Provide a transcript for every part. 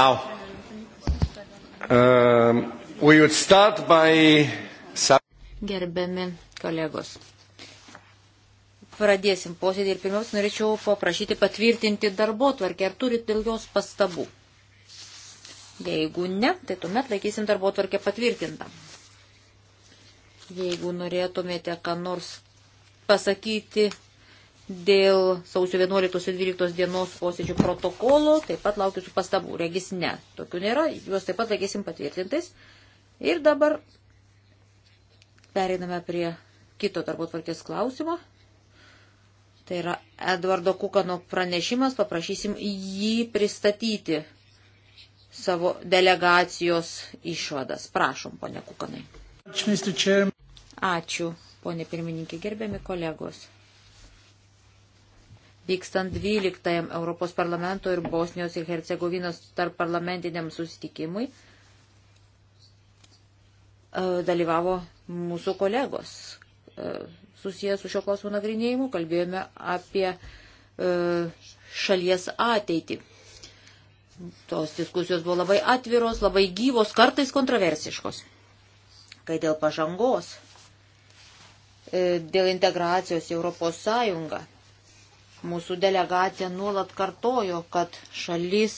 Now, um, we would start by... Gerbiami kolegos, pradėsim posėdį ir pirmiausia norėčiau paprašyti patvirtinti darbo tvarkę. Ar turit dėl jos pastabų? Jeigu ne, tai tuomet laikysim darbo tvarkę patvirtintą. Jeigu norėtumėte ką nors pasakyti dėl sausio 11-12 dienos posėdžių protokolo, taip pat laukiu su pastabų, regis ne, tokių nėra, juos taip pat laikysim patvirtintais. Ir dabar pereiname prie kito darbo tvarkės klausimo. Tai yra Edvardo Kukano pranešimas, paprašysim jį pristatyti savo delegacijos išvadas. Prašom, ponė Kukanai. Ačiū, ponė pirmininkė, gerbiami kolegos vykstant 12 Europos parlamento ir Bosnijos ir Hercegovinos tarp parlamentiniam susitikimui e, dalyvavo mūsų kolegos e, susijęs su šio klausimo nagrinėjimu, kalbėjome apie e, šalies ateitį. Tos diskusijos buvo labai atviros, labai gyvos, kartais kontroversiškos. Kai dėl pažangos, dėl integracijos į Europos Sąjungą Mūsų delegacija nuolat kartojo, kad šalis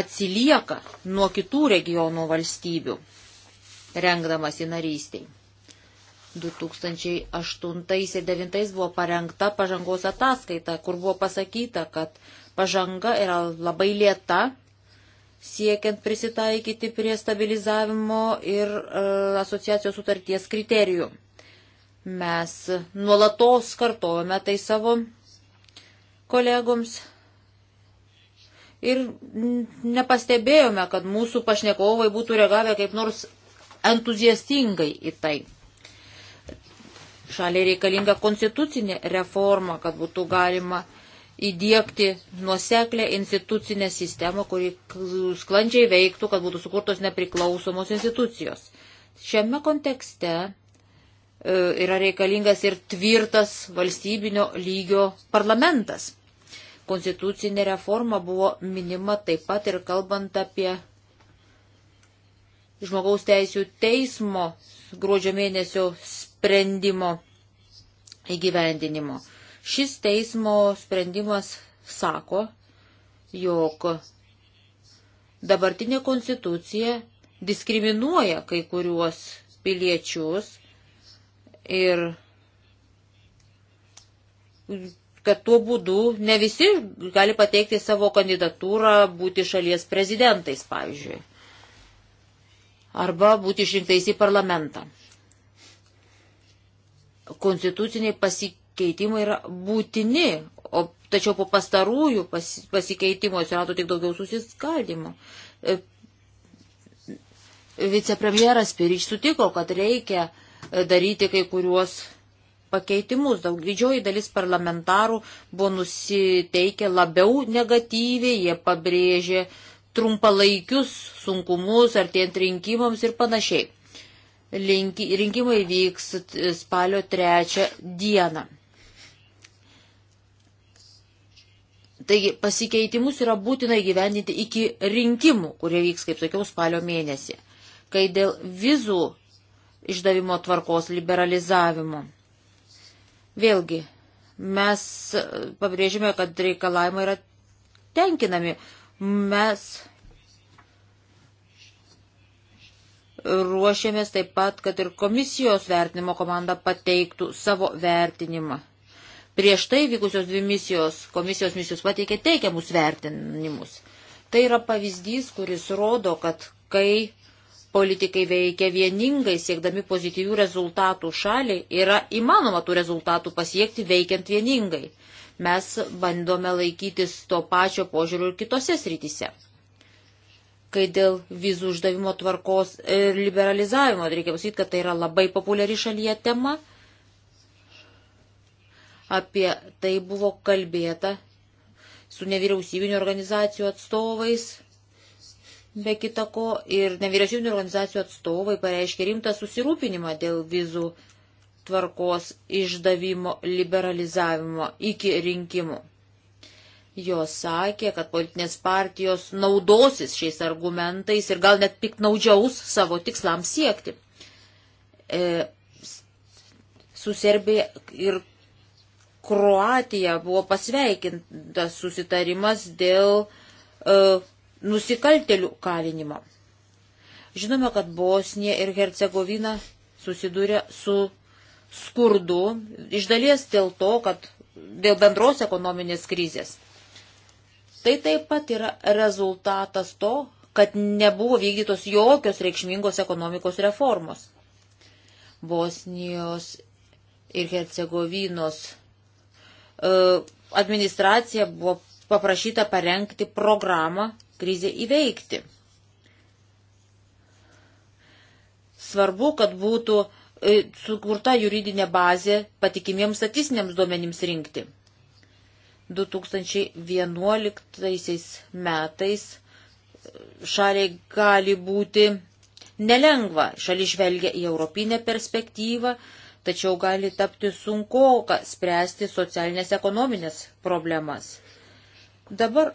atsilieka nuo kitų regionų valstybių, rengdamas į narystį. 2008 ir 2009 buvo parengta pažangos ataskaita, kur buvo pasakyta, kad pažanga yra labai lėta, siekiant prisitaikyti prie stabilizavimo ir e, asociacijos sutarties kriterijų. Mes nuolatos kartojame tai savo kolegoms ir nepastebėjome, kad mūsų pašnekovai būtų reagavę kaip nors entuziastingai į tai. Šaliai reikalinga konstitucinė reforma, kad būtų galima įdėkti nuoseklę institucinę sistemą, kuri sklandžiai veiktų, kad būtų sukurtos nepriklausomos institucijos. Šiame kontekste E, yra reikalingas ir tvirtas valstybinio lygio parlamentas. Konstitucinė reforma buvo minima taip pat ir kalbant apie žmogaus teisų teismo gruodžio mėnesio sprendimo įgyvendinimo. Šis teismo sprendimas sako, jog dabartinė konstitucija diskriminuoja kai kuriuos piliečius Ir kad tuo būdu ne visi gali pateikti savo kandidatūrą būti šalies prezidentais, pavyzdžiui, arba būti išrinktais į parlamentą. Konstituciniai pasikeitimai yra būtini, o tačiau po pastarųjų pasikeitimų atsirado tik daugiau susiskaldimo. E, vicepremjeras Pirič sutiko, kad reikia E, daryti kai kuriuos pakeitimus. Daug didžioji dalis parlamentarų buvo nusiteikę labiau negatyviai, jie pabrėžė trumpalaikius sunkumus, artėjant rinkimams ir panašiai. Linki, rinkimai vyks spalio trečią dieną. Taigi pasikeitimus yra būtina įgyvendinti iki rinkimų, kurie vyks, kaip sakiau, spalio mėnesį. Kai dėl vizų išdavimo tvarkos liberalizavimu. Vėlgi, mes pabrėžime, kad reikalavimai yra tenkinami. Mes ruošiamės taip pat, kad ir komisijos vertinimo komanda pateiktų savo vertinimą. Prieš tai vykusios dvi misijos, komisijos misijos pateikė teikiamus vertinimus. Tai yra pavyzdys, kuris rodo, kad kai politikai veikia vieningai, siekdami pozityvių rezultatų šaliai, yra įmanoma tų rezultatų pasiekti veikiant vieningai. Mes bandome laikytis to pačio požiūrių ir kitose srityse. Kai dėl vizų uždavimo tvarkos ir e, liberalizavimo, reikia pasakyti, kad tai yra labai populiari šalyje tema. Apie tai buvo kalbėta su nevyriausybinio organizacijų atstovais, Be kitako ir nevyriausybinio organizacijų atstovai pareiškė rimtą susirūpinimą dėl vizų tvarkos išdavimo liberalizavimo iki rinkimų. Jos sakė, kad politinės partijos naudosis šiais argumentais ir gal net piknaudžiaus savo tikslams siekti. E, su Serbija ir Kroatija buvo pasveikintas susitarimas dėl e, nusikaltelių kalinimo. Žinome, kad Bosnija ir Hercegovina susiduria su skurdu, iš dalies dėl to, kad dėl bendros ekonominės krizės. Tai taip pat yra rezultatas to, kad nebuvo vykdytos jokios reikšmingos ekonomikos reformos. Bosnijos ir Hercegovinos e, administracija buvo paprašyta parengti programą krizę įveikti. Svarbu, kad būtų e, sukurta juridinė bazė patikimiems statistiniams duomenims rinkti. 2011 metais e, šaliai gali būti nelengva. Šalis žvelgia į europinę perspektyvą, tačiau gali tapti sunku spręsti socialinės ekonominės problemas. Dabar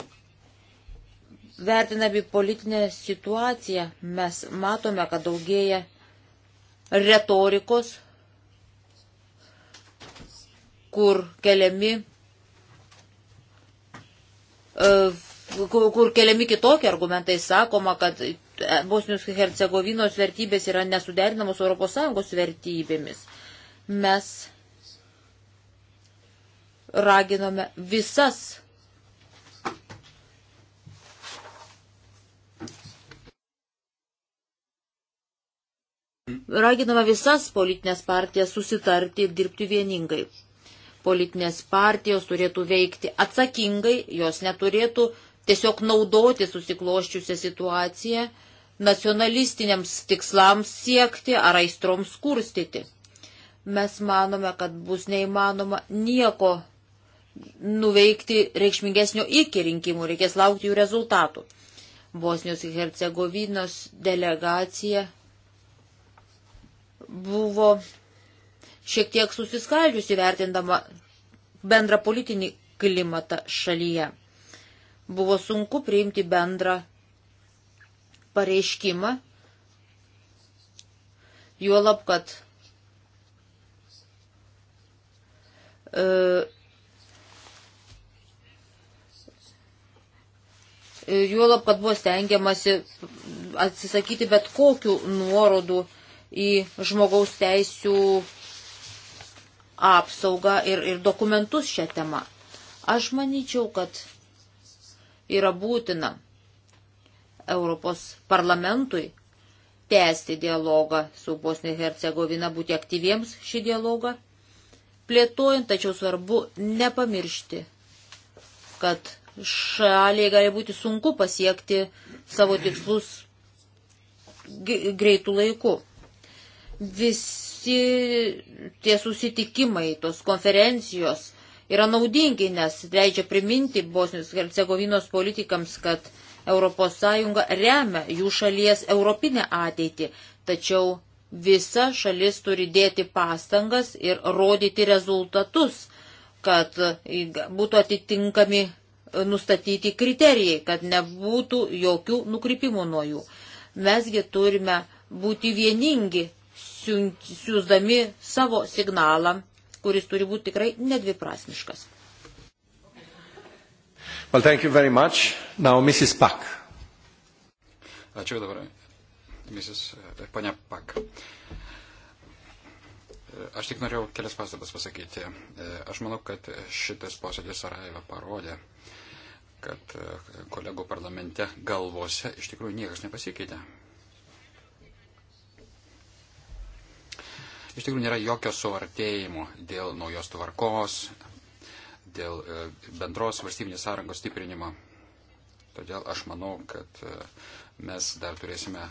vertinami politinę situaciją, mes matome, kad daugėja retorikos, kur keliami, e, kur keliami kitokie argumentai, sakoma, kad Bosnius Hercegovinos vertybės yra nesuderinamos ES vertybėmis. Mes raginome visas raginama visas politinės partijas susitarti ir dirbti vieningai. Politinės partijos turėtų veikti atsakingai, jos neturėtų tiesiog naudoti susikloščiusią situaciją nacionalistiniams tikslams siekti ar aistroms kurstyti. Mes manome, kad bus neįmanoma nieko nuveikti reikšmingesnio iki rinkimų, reikės laukti jų rezultatų. Bosnijos ir Hercegovinos delegacija buvo šiek tiek susiskaldžiusi vertindama bendrą politinį klimatą šalyje. Buvo sunku priimti bendrą pareiškimą, juolab, kad e, juolab, kad buvo stengiamasi atsisakyti bet kokių nuorodų e, į žmogaus teisų apsaugą ir, ir dokumentus šią temą. Aš manyčiau, kad yra būtina Europos parlamentui tęsti dialogą su Bosnija Hercegovina, būti aktyviems šį dialogą, plėtojant, tačiau svarbu nepamiršti, kad šaliai gali būti sunku pasiekti savo tikslus greitų laikų visi tie susitikimai, tos konferencijos yra naudingi, nes leidžia priminti Bosnijos Hercegovinos politikams, kad ES remia jų šalies europinę ateitį, tačiau visa šalis turi dėti pastangas ir rodyti rezultatus, kad būtų atitinkami nustatyti kriterijai, kad nebūtų jokių nukrypimų nuo jų. Mesgi turime būti vieningi siūsdami savo signalą, kuris turi būti tikrai nedviprasmiškas. Well, thank you very much. Now, Mrs. Pak. Ačiū dabar, Mrs. Eh, Pane Pak. Eh, aš tik norėjau kelias pastabas pasakyti. Eh, aš manau, kad šitas posėdis Sarajevo parodė, kad kolegų parlamente galvose iš tikrųjų niekas nepasikeitė. Iš tikrųjų nėra jokio suartėjimo dėl naujos tvarkos, dėl e, bendros valstybinės sąrangos stiprinimo. Todėl aš manau, kad e, mes dar turėsime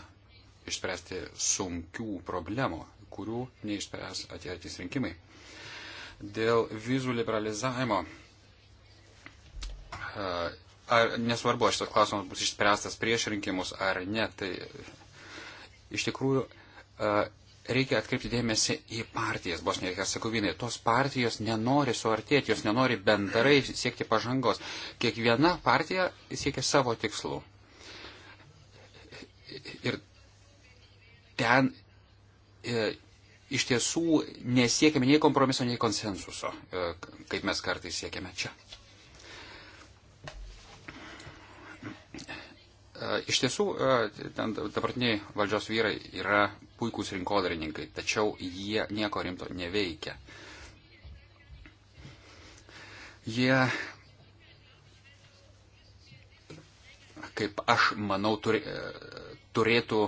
išspręsti sunkių problemų, kurių neišspręs ateitis rinkimai. Dėl vizų liberalizavimo, e, ar nesvarbu, ar šitas klausimas bus išspręstas prieš rinkimus ar ne, tai iš tikrųjų reikia atkreipti dėmesį į partijas Bosnijoje ir Hercegovinai. Tos partijos nenori suartėti, jos nenori bendrai siekti pažangos. Kiekviena partija siekia savo tikslų. Ir ten e, iš tiesų nesiekime nei kompromiso, nei konsensuso, e, kaip mes kartais siekiame čia. E, iš tiesų, e, ten dabartiniai valdžios vyrai yra puikūs rinkodarininkai, tačiau jie nieko rimto neveikia. Jie, kaip aš manau, turi, e, turėtų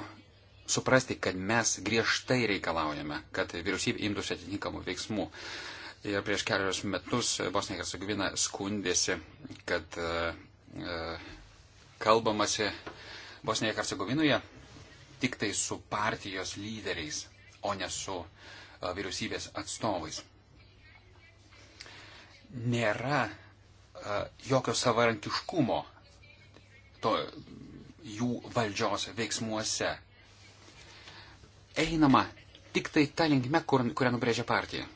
suprasti, kad mes griežtai reikalaujame, kad vyriausybė imtųsi atitinkamų veiksmų. Ir prieš kelius metus Bosnija Hercegovina skundėsi, kad e, e kalbamasi Bosnija Hercegovinoje tik tai su partijos lyderiais, o ne su e, vyriausybės atstovais. Nėra e, jokio savarankiškumo to, jų valdžios veiksmuose. Einama tik tai tą linkme, kur, kurią nubrėžia partija.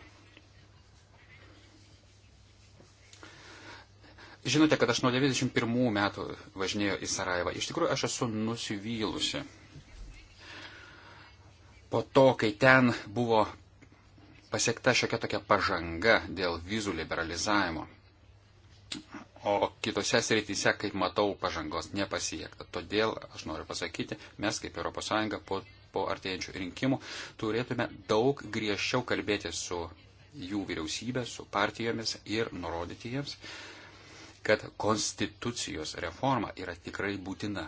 Žinote, kad aš nuo 91 metų važinėjau į Sarajevą. Iš tikrųjų, aš esu nusivylusi po to, kai ten buvo pasiekta šiokia tokia pažanga dėl vizų liberalizavimo, o kitose srityse, kaip matau, pažangos nepasiekta. Todėl aš noriu pasakyti, mes kaip ES po, po artėjančių rinkimų turėtume daug griežčiau kalbėti su jų vyriausybė, su partijomis ir nurodyti jiems, kad konstitucijos reforma yra tikrai būtina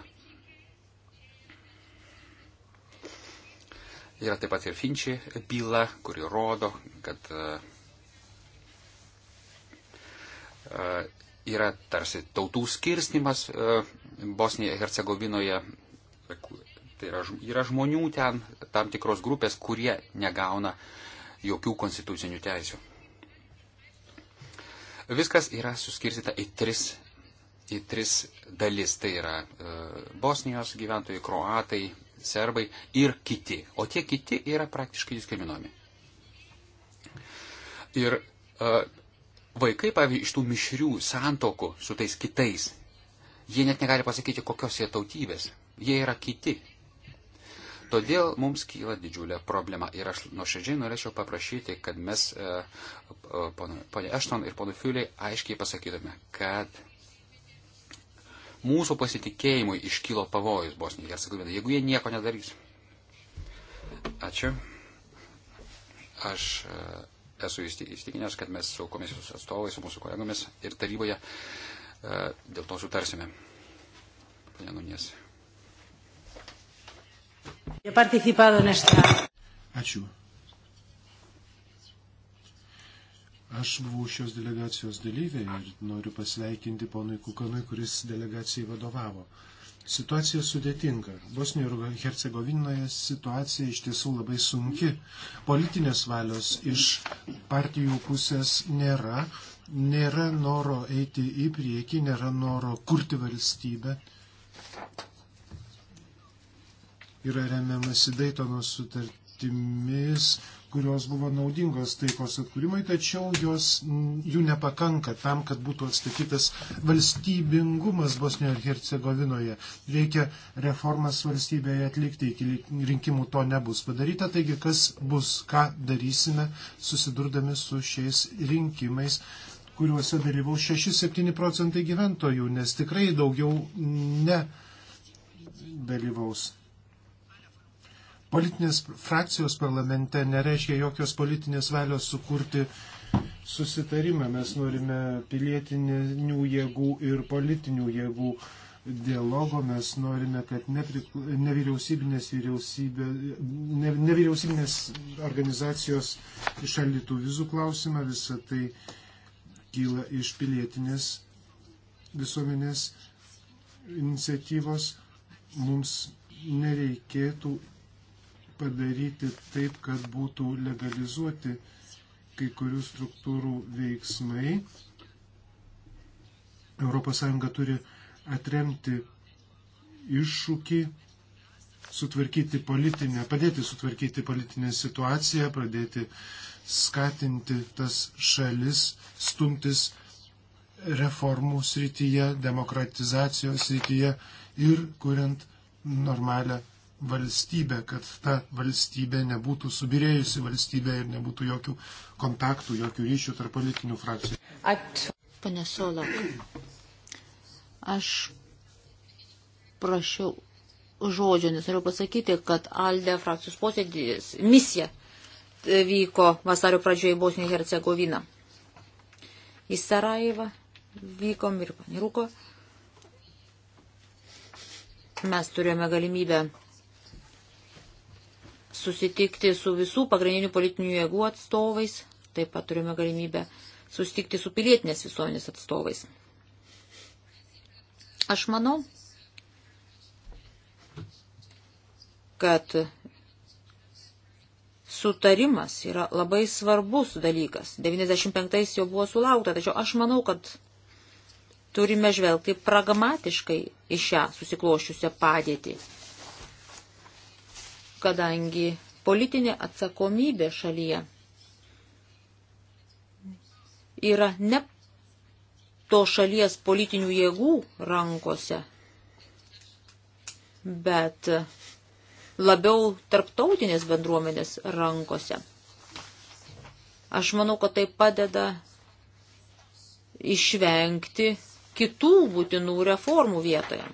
Yra taip pat ir Finči byla, kuri rodo, kad e, e, yra tarsi tautų skirstimas e, Bosnijoje ir Hercegovinoje. Tai yra, yra žmonių ten, tam tikros grupės, kurie negauna jokių konstitucinių teisių. Viskas yra suskirstyta į tris, į tris dalis. Tai yra Bosnijos gyventojai, kroatai serbai ir kiti. O tie kiti yra praktiškai diskriminuomi. Ir uh, vaikai, pavyzdžiui, iš tų mišrių santokų su tais kitais, jie net negali pasakyti, kokios jie tautybės. Jie yra kiti. Todėl mums kyla didžiulė problema ir aš nuoširdžiai norėčiau paprašyti, kad mes, uh, e, e, ponė Ešton ir ponė Fiuliai, aiškiai pasakytume, kad mūsų pasitikėjimui iškylo pavojus Bosnijai ir Hercegovinai, jeigu jie nieko nedarys. Ačiū. Aš e, esu įstikinęs, kad mes su komisijos atstovais, su mūsų kolegomis ir taryboje e, dėl to sutarsime. Pane Nunės. Ačiū. Aš buvau šios delegacijos dalyvė ir noriu pasveikinti ponui Kukanui, kuris delegacijai vadovavo. Situacija sudėtinga. Bosnijoje ir Hercegovinoje situacija iš tiesų labai sunki. Politinės valios iš partijų pusės nėra, nėra noro eiti į priekį, nėra noro kurti valstybę. Yra remiamasi Daytono sutartimis kurios buvo naudingos taikos atkūrimui, tačiau jos, jų nepakanka tam, kad būtų atstatytas valstybingumas Bosnijoje ir Hercegovinoje. Reikia reformas valstybėje atlikti, iki rinkimų to nebus padaryta, taigi kas bus, ką darysime, susidurdami su šiais rinkimais kuriuose dalyvaus 6-7 procentai gyventojų, nes tikrai daugiau nedalyvaus. Politinės frakcijos parlamente nereiškia jokios politinės valios sukurti susitarimą. Mes norime pilietinių jėgų ir politinių jėgų dialogo. Mes norime, kad nevyriausybinės, ne, nevyriausybinės organizacijos išaldytų vizų klausimą. Visą tai kyla iš pilietinės visuomenės iniciatyvos. Mums nereikėtų padaryti taip, kad būtų legalizuoti kai kurių struktūrų veiksmai. ES turi atremti iššūkį, sutvarkyti politinę, padėti sutvarkyti politinę situaciją, pradėti skatinti tas šalis, stumtis reformų srityje, demokratizacijos srityje ir kuriant normalią valstybę, kad ta valstybė nebūtų subirėjusi valstybė ir nebūtų jokių kontaktų, jokių ryšių tarp politinių frakcijų. At... Pane Solak, aš prašiau žodžio, nes noriu pasakyti, kad ALDE frakcijos posėdės misija vyko vasario pradžioje į Bosniją Hercegoviną. Į Sarajevą vykom ir paniruko. Mes turėjome galimybę susitikti su visų pagrindinių politinių jėgų atstovais, taip pat turime galimybę susitikti su pilietinės visuomenės atstovais. Aš manau, kad sutarimas yra labai svarbus dalykas. 95-ais jau buvo sulaukta, tačiau aš manau, kad turime žvelgti pragmatiškai į šią susiklošiusią padėtį kadangi politinė atsakomybė šalyje yra ne to šalies politinių jėgų rankose, bet labiau tarptautinės bendruomenės rankose. Aš manau, kad tai padeda išvengti kitų būtinų reformų vietoje.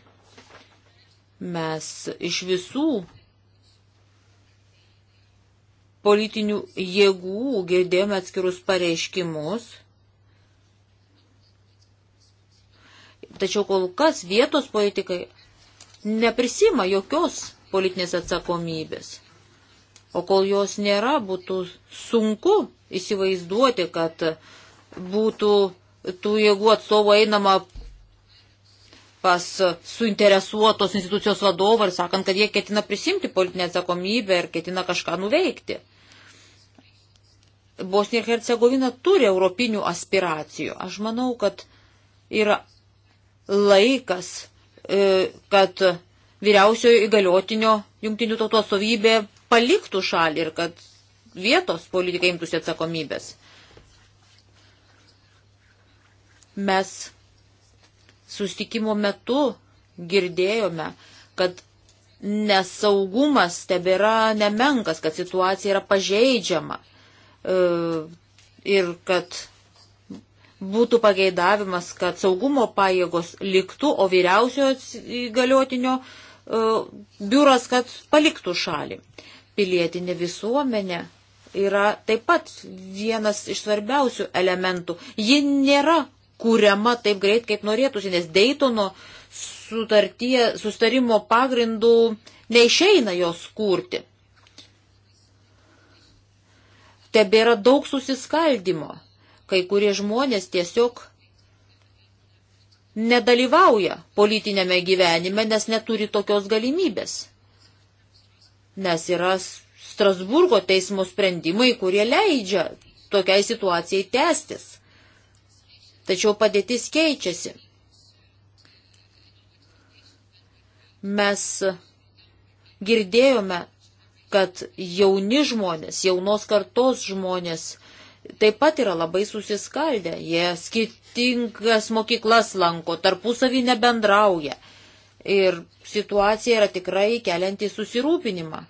Mes iš visų politinių jėgų, girdėjome atskirus pareiškimus. Tačiau kol kas vietos politikai neprisima jokios politinės atsakomybės. O kol jos nėra, būtų sunku įsivaizduoti, kad būtų tų jėgų atstovų einama pas suinteresuotos institucijos vadovą ir sakant, kad jie ketina prisimti politinę atsakomybę ir ketina kažką nuveikti. Bosnija ir Hercegovina turi europinių aspiracijų. Aš manau, kad yra laikas, e, kad vyriausiojo įgaliotinio jungtinių tautų atstovybė paliktų šalį ir kad vietos politikai imtųsi atsakomybės. Mes sustikimo metu girdėjome, kad nesaugumas tebėra nemenkas, kad situacija yra pažeidžiama E, ir kad būtų pageidavimas, kad saugumo pajėgos liktų, o vyriausio įgaliotinio e, biuras, kad paliktų šalį. Pilietinė visuomenė yra taip pat vienas iš svarbiausių elementų. Ji nėra kuriama taip greit, kaip norėtųsi, nes Daytono sutartie, sustarimo pagrindų neišeina jos kurti tebėra daug susiskaldimo. Kai kurie žmonės tiesiog nedalyvauja politinėme gyvenime, nes neturi tokios galimybės. Nes yra Strasburgo teismo sprendimai, kurie leidžia tokiai situacijai tęstis. Tačiau padėtis keičiasi. Mes girdėjome kad jauni žmonės, jaunos kartos žmonės taip pat yra labai susiskaldę. Jie skirtingas mokyklas lanko, tarpusavį nebendrauja. Ir situacija yra tikrai kelianti susirūpinimą.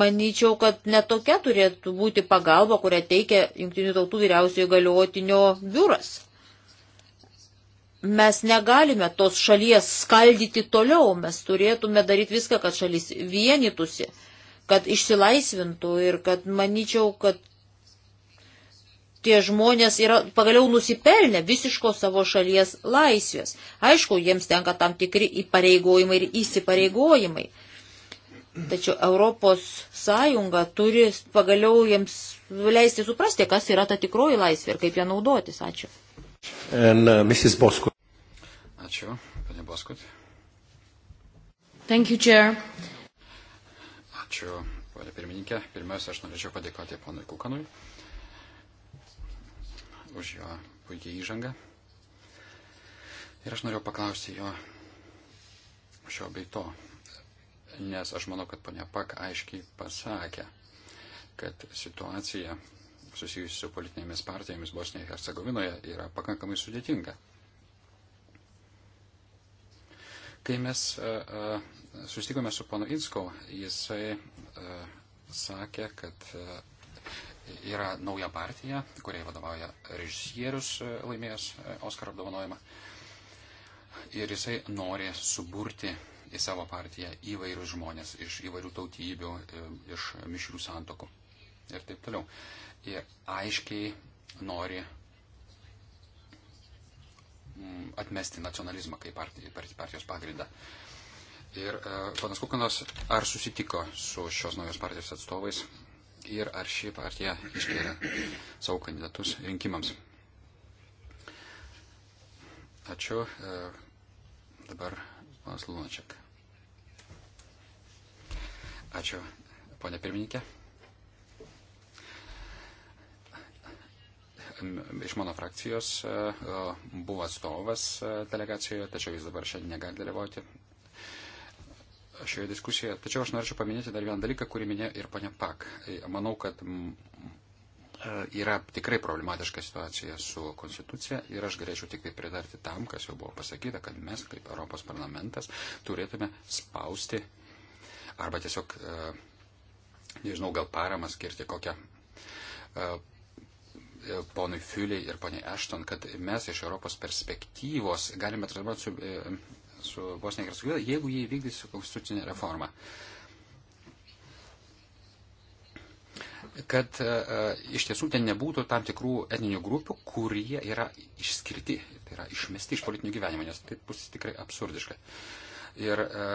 Manyčiau, kad netokia turėtų būti pagalba, kurią teikia Junktinių tautų vyriausiojo galiotinio biuras mes negalime tos šalies skaldyti toliau, mes turėtume daryti viską, kad šalis vienytųsi, kad išsilaisvintų ir kad manyčiau, kad tie žmonės yra pagaliau nusipelnę visiško savo šalies laisvės. Aišku, jiems tenka tam tikri įpareigojimai ir įsipareigojimai. Tačiau Europos Sąjunga turi pagaliau jiems leisti suprasti, kas yra ta tikroji laisvė ir kaip ją naudotis. Ačiū. And, uh, Mrs. Bosko. Ačiū, panė Boskut. Thank you, Chair. Ačiū, panė pirmininkė. Pirmiausia, aš norėčiau padėkoti ponui Kukanui už jo puikiai įžangą. Ir aš norėjau paklausti jo šio bei to, nes aš manau, kad ponia Pak aiškiai pasakė, kad situacija susijusi su politinėmis partijomis Bosnijoje ir Hercegovinoje yra pakankamai sudėtinga. Kai mes e, e, susitikome su panu Insko, jisai e, sakė, kad yra nauja partija, kuriai vadovauja režisierius laimėjęs Oskarą apdovanojimą. Ir jisai nori suburti į savo partiją įvairius žmonės iš įvairių tautybių, iš mišrių santokų ir taip toliau. Ir aiškiai nori Mm, atmesti nacionalizmą kaip partijos pagrindą. Ir e, ponas Kukanas, ar susitiko su šios naujos partijos atstovais ir ar ši partija iškėlė savo kandidatus rinkimams? Ačiū. E, dabar panas Lunačiak. Ačiū, ponė pirmininkė. iš mano frakcijos e, e, buvo atstovas e, delegacijoje, tačiau jis dabar šiandien negali dalyvauti šioje diskusijoje. Tačiau aš norėčiau paminėti dar vieną dalyką, kurį minėjo ir ponia Pak. Manau, kad yra tikrai problematiška situacija su konstitucija ir aš galėčiau tik tai pritarti tam, kas jau buvo pasakyta, kad mes kaip Europos parlamentas turėtume spausti arba tiesiog, nežinau, gal paramą skirti kokią ponui Fiuliai ir poniai Ashton, kad mes iš Europos perspektyvos galime transformuoti su, e, su Bosnija ir Hercegovina, jeigu jie įvykdys konstitucinę reformą. Kad e, e, iš tiesų ten nebūtų tam tikrų etninių grupių, kurie yra išskirti, tai yra išmesti iš politinių gyvenimo, nes tai bus tikrai absurdiška. Ir e,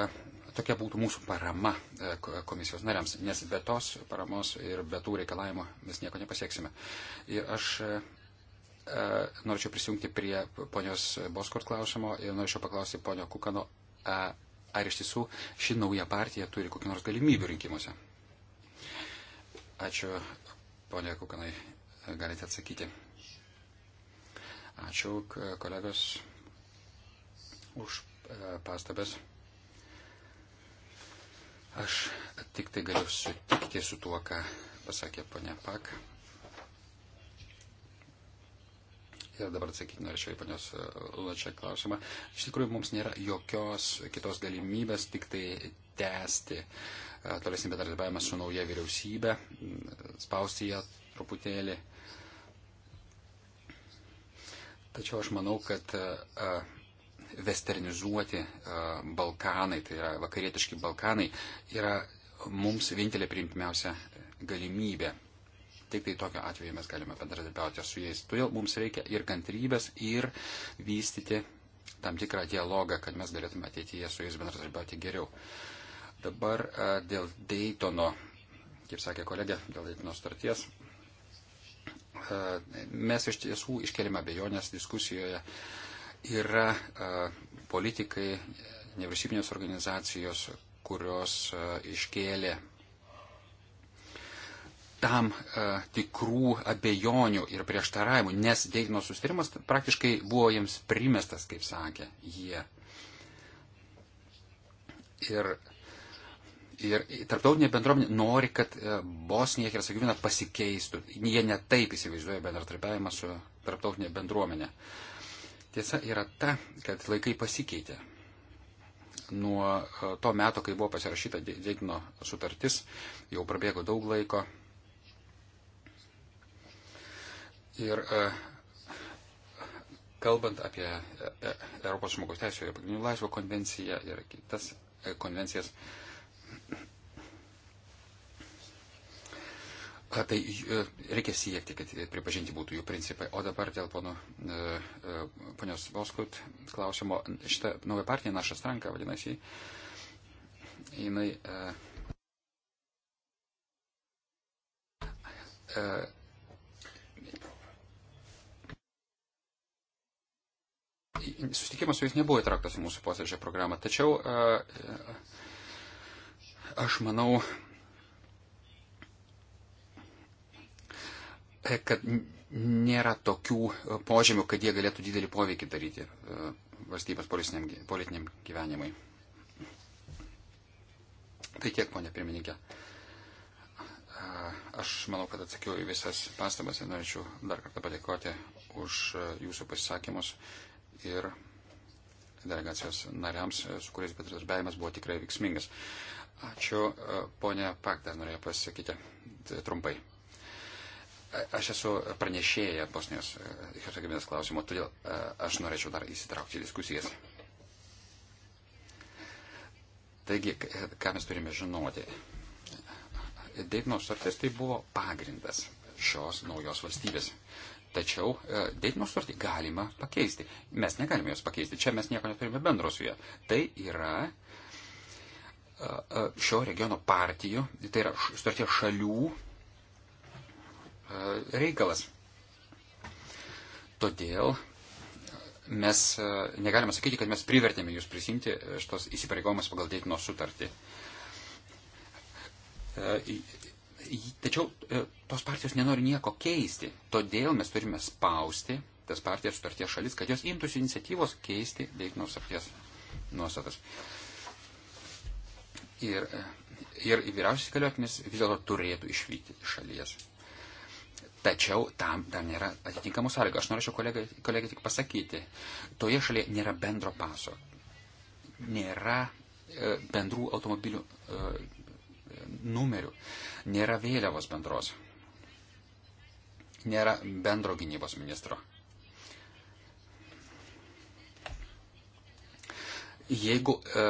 tokia būtų mūsų parama e, komisijos nariams, nes be tos paramos ir be tų reikalavimų mes nieko nepasieksime. Ir aš e, e, norėčiau prisijungti prie ponios Boskort klausimo ir norėčiau paklausti ponio Kukano, ar iš tiesų ši nauja partija turi kokių nors galimybių rinkimuose. Ačiū, ponė Kukanai, galite atsakyti. Ačiū kolegos už pastabas. Aš tik tai galiu sutikti su tuo, ką pasakė ponia Pak. Ir dabar atsakyti norėčiau į ponios e, Lačią klausimą. Iš tikrųjų, mums nėra jokios kitos galimybės tik tai tęsti e, tolesnį bendradarbiavimą su nauja vyriausybė, spausti ją truputėlį. Tačiau aš manau, kad uh, westernizuoti e, Balkanai, tai yra vakarietiški Balkanai, yra mums vienintelė priimtimiausia galimybė. Tik tai tokiu atveju mes galime bendradarbiauti su jais. Todėl mums reikia ir kantrybės, ir vystyti tam tikrą dialogą, kad mes galėtume ateityje su jais bendradarbiauti geriau. Dabar e, dėl Daytono, kaip sakė kolegė, dėl Daytono starties, e, mes iš tiesų iškeliame bejonės diskusijoje yra politikai, nevyriausybinės organizacijos, kurios iškėlė tam a, tikrų abejonių ir prieštaravimų, nes Deitino sustarimas praktiškai buvo jiems primestas, kaip sakė jie. Ir, ir tarptautinė bendruomenė nori, kad e, Bosnija ir Hercegovina pasikeistų. Jie netaip įsivaizduoja bendratarpiavimą su tarptautinė bendruomenė. A, Tiesa yra ta, kad laikai pasikeitė. Nuo e, to meto, kai buvo pasirašyta Dėgno sutartis, jau prabėgo daug laiko. Ir e, kalbant apie e, Europos žmogaus teisų ir pagrindinių laisvų konvenciją ir kitas konvencijas, Tai e, reikia siekti, kad pripažinti būtų jų principai. O dabar dėl pono, e, e, ponios Voskut klausimo. Šitą naują partiją, naša stranka, vadinasi, jinai. Susitikimas su jais nebuvo įtrauktas į mūsų posėdžio programą, tačiau a, a, aš manau, kad nėra tokių e, požymių, kad jie galėtų didelį poveikį daryti e, valstybės politiniam, politiniam gyvenimui. Tai tiek, ponė pirmininkė. Aš manau, kad atsakiau į visas pastabas ir norėčiau dar kartą padėkoti už e, jūsų pasisakymus ir delegacijos nariams, su kuriais bendradarbiavimas buvo tikrai veiksmingas. Ačiū, ponė Pak, dar norėjau pasakyti trumpai. Aš esu pranešėja Bosnijos e, Hercegovinos klausimo, todėl e, aš norėčiau dar įsitraukti į diskusijas. Taigi, e, ką mes turime žinoti? Deitino sutartis tai buvo pagrindas šios naujos valstybės. Tačiau Deitino sutartį galima pakeisti. Mes negalime jos pakeisti. Čia mes nieko neturime bendro su ja. Tai yra šio regiono partijų, tai yra sutarties šalių E, reikalas. Todėl mes e, negalime sakyti, kad mes privertėme jūs prisimti šitos įsipareigojimus pagal Dėtino sutartį. E, tačiau tos partijos nenori nieko keisti, todėl mes turime spausti tas partijas sutarties šalis, kad jos imtųsi iniciatyvos keisti Dėtino sutarties nuostatas. Ir, ir vyriausias įgaliotinis vis dėlto turėtų išvykti iš šalies tačiau tam dar nėra atitinkamų sąlygų. Aš norėčiau kolegai, kolegai tik pasakyti, toje šalyje nėra bendro paso, nėra e, bendrų automobilių e, numerių, nėra vėliavos bendros, nėra bendro gynybos ministro. Jeigu e,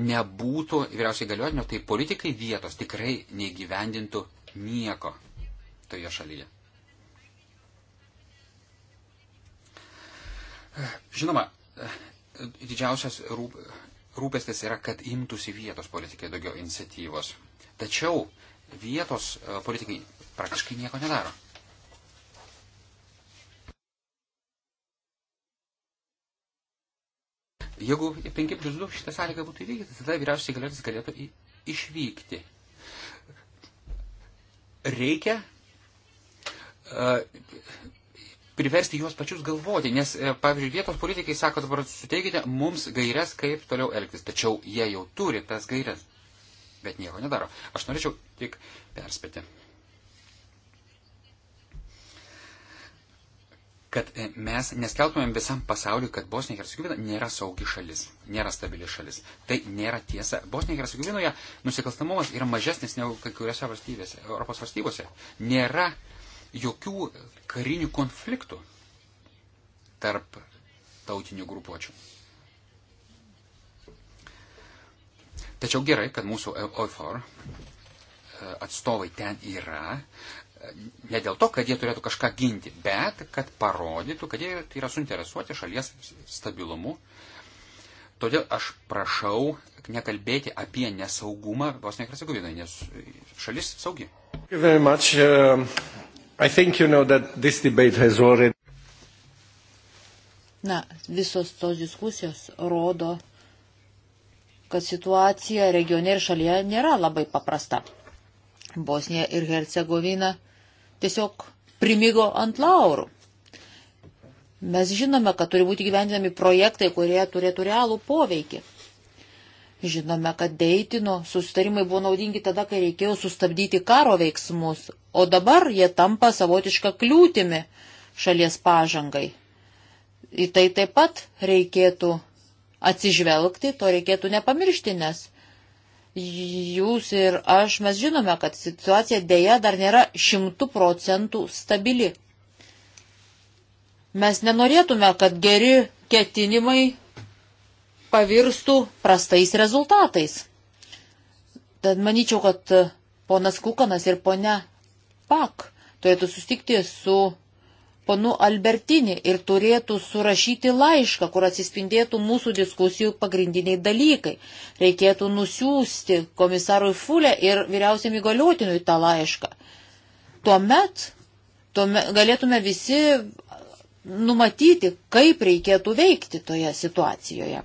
nebūtų vyriausiai galiotinio, tai politikai vietos tikrai negyvendintų nieko toje šalyje. Žinoma, didžiausias rūp, rūpestis yra, kad imtųsi vietos politikai daugiau iniciatyvos. Tačiau vietos e, politikai praktiškai nieko nedaro. Jeigu 5 plus 2 šitą sąlygą būtų įvykdyta, tada vyriausiai galėtis galėtų išvykti. Reikia E, priversti juos pačius galvoti, nes, e, pavyzdžiui, vietos politikai sako, dabar suteikite mums gairias, kaip toliau elgtis, tačiau jie jau turi tas gairias, bet nieko nedaro. Aš norėčiau tik perspėti, kad e, mes neskeltumėm visam pasauliu, kad Bosnija ir Hercegovina nėra saugi šalis, nėra stabili šalis. Tai nėra tiesa. Bosnija ir Hercegovinoje nusikalstamumas yra mažesnis negu kai kuriuose valstybėse, Europos valstybėse. Nėra uh, jokių karinių konfliktų tarp tautinių grupuočių. Tačiau gerai, kad mūsų e OFOR e, atstovai ten yra, e, ne dėl to, kad jie turėtų kažką ginti, bet kad parodytų, kad jie tai yra suinteresuoti šalies stabilumu. Todėl aš prašau nekalbėti apie nesaugumą Bosnijos Hercegovinoje, nes šalis saugi. Much, uh, I think you know that this debate has already. Na, visos tos diskusijos rodo, kad situacija regione ir šalyje nėra labai paprasta. Bosnija ir Hercegovina tiesiog primigo ant laurų. Mes žinome, kad turi būti gyvendinami projektai, kurie turėtų realų poveikį. Žinome, kad Deitino sustarimai buvo naudingi tada, kai reikėjo sustabdyti karo veiksmus, o dabar jie tampa savotišką kliūtimi šalies pažangai. Į tai taip pat reikėtų atsižvelgti, to reikėtų nepamiršti, nes jūs ir aš mes žinome, kad situacija dėja dar nėra šimtų procentų stabili. Mes nenorėtume, kad geri ketinimai pavirstų prastais rezultatais. Tad manyčiau, kad e, ponas Kukanas ir ponia Pak turėtų sustikti su ponu Albertini ir turėtų surašyti laišką, kur atsispindėtų mūsų diskusijų pagrindiniai dalykai. Reikėtų nusiųsti komisarui Fulė ir vyriausiam įgaliotiniui tą laišką. Tuomet, tuomet galėtume visi numatyti, kaip reikėtų veikti toje situacijoje.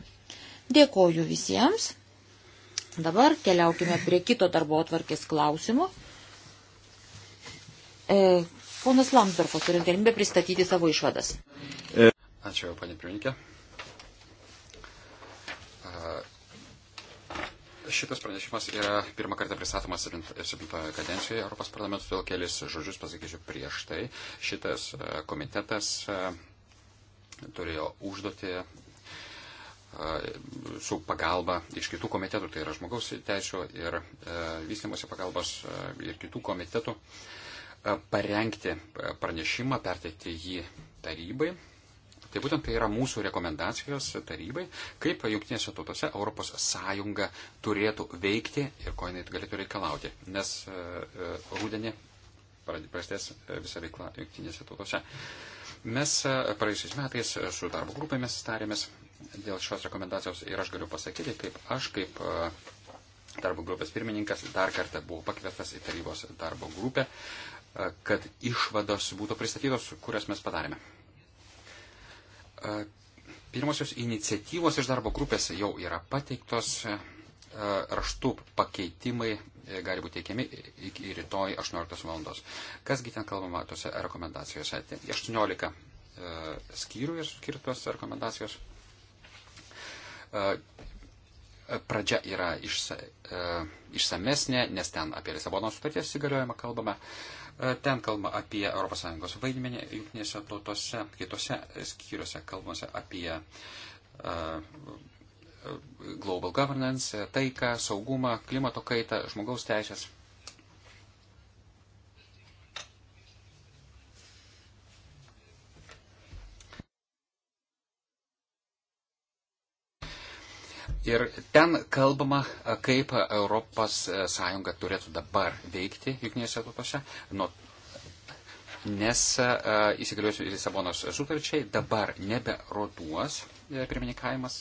Dėkoju visiems. Dabar keliaukime prie kito darbo atvarkės klausimo. E, ponas Lamsdorfas turi galimybę pristatyti savo išvadas. E, Ačiū, panė Prieninkė. Šitas pranešimas yra pirmą kartą pristatomas 7 kadencijoje Europos parlamento, todėl kelis žodžius pasakysiu prieš tai. Šitas e, komitetas e, turėjo užduoti su pagalba iš kitų komitetų, tai yra žmogaus teisų ir e, vystimosi pagalbos e, ir kitų komitetų, e, parengti pranešimą, perteikti jį tarybai. Tai būtent tai yra mūsų rekomendacijos tarybai, kaip jungtinėse tautose Europos Sąjunga turėtų veikti ir ko jinai galėtų reikalauti. Nes rūdienį prasidės visa veikla jungtinėse tautose. Mes praėjusiais metais su darbo grupėmis tarėmės dėl šios rekomendacijos ir aš galiu pasakyti, kaip aš, kaip e, darbo grupės pirmininkas, dar kartą buvau pakviestas į tarybos darbo grupę, e, kad išvados būtų pristatytos, kurias mes padarėme. E, pirmosios iniciatyvos iš darbo grupės jau yra pateiktos, raštų pakeitimai gali būti teikiami iki rytoj 18 val. Kasgi ten kalbama tose rekomendacijose? 18 skyrių ir skirtos rekomendacijos E, pradžia yra išsa, e, išsamesnė, nes ten apie Lisabono sutarties įgaliojimą kalbame. Ten kalba apie ES vaidmenį jungtinėse tautose, kitose skyriuose kalbose apie e, global governance, taiką, saugumą, klimato kaitą, žmogaus teisės Ir ten kalbama, kaip ES e, turėtų dabar veikti jungtinėse tautose, nuo nes e, e, įsigaliuosiu į Lisabonos sutarčiai dabar neberoduos pirmininkavimas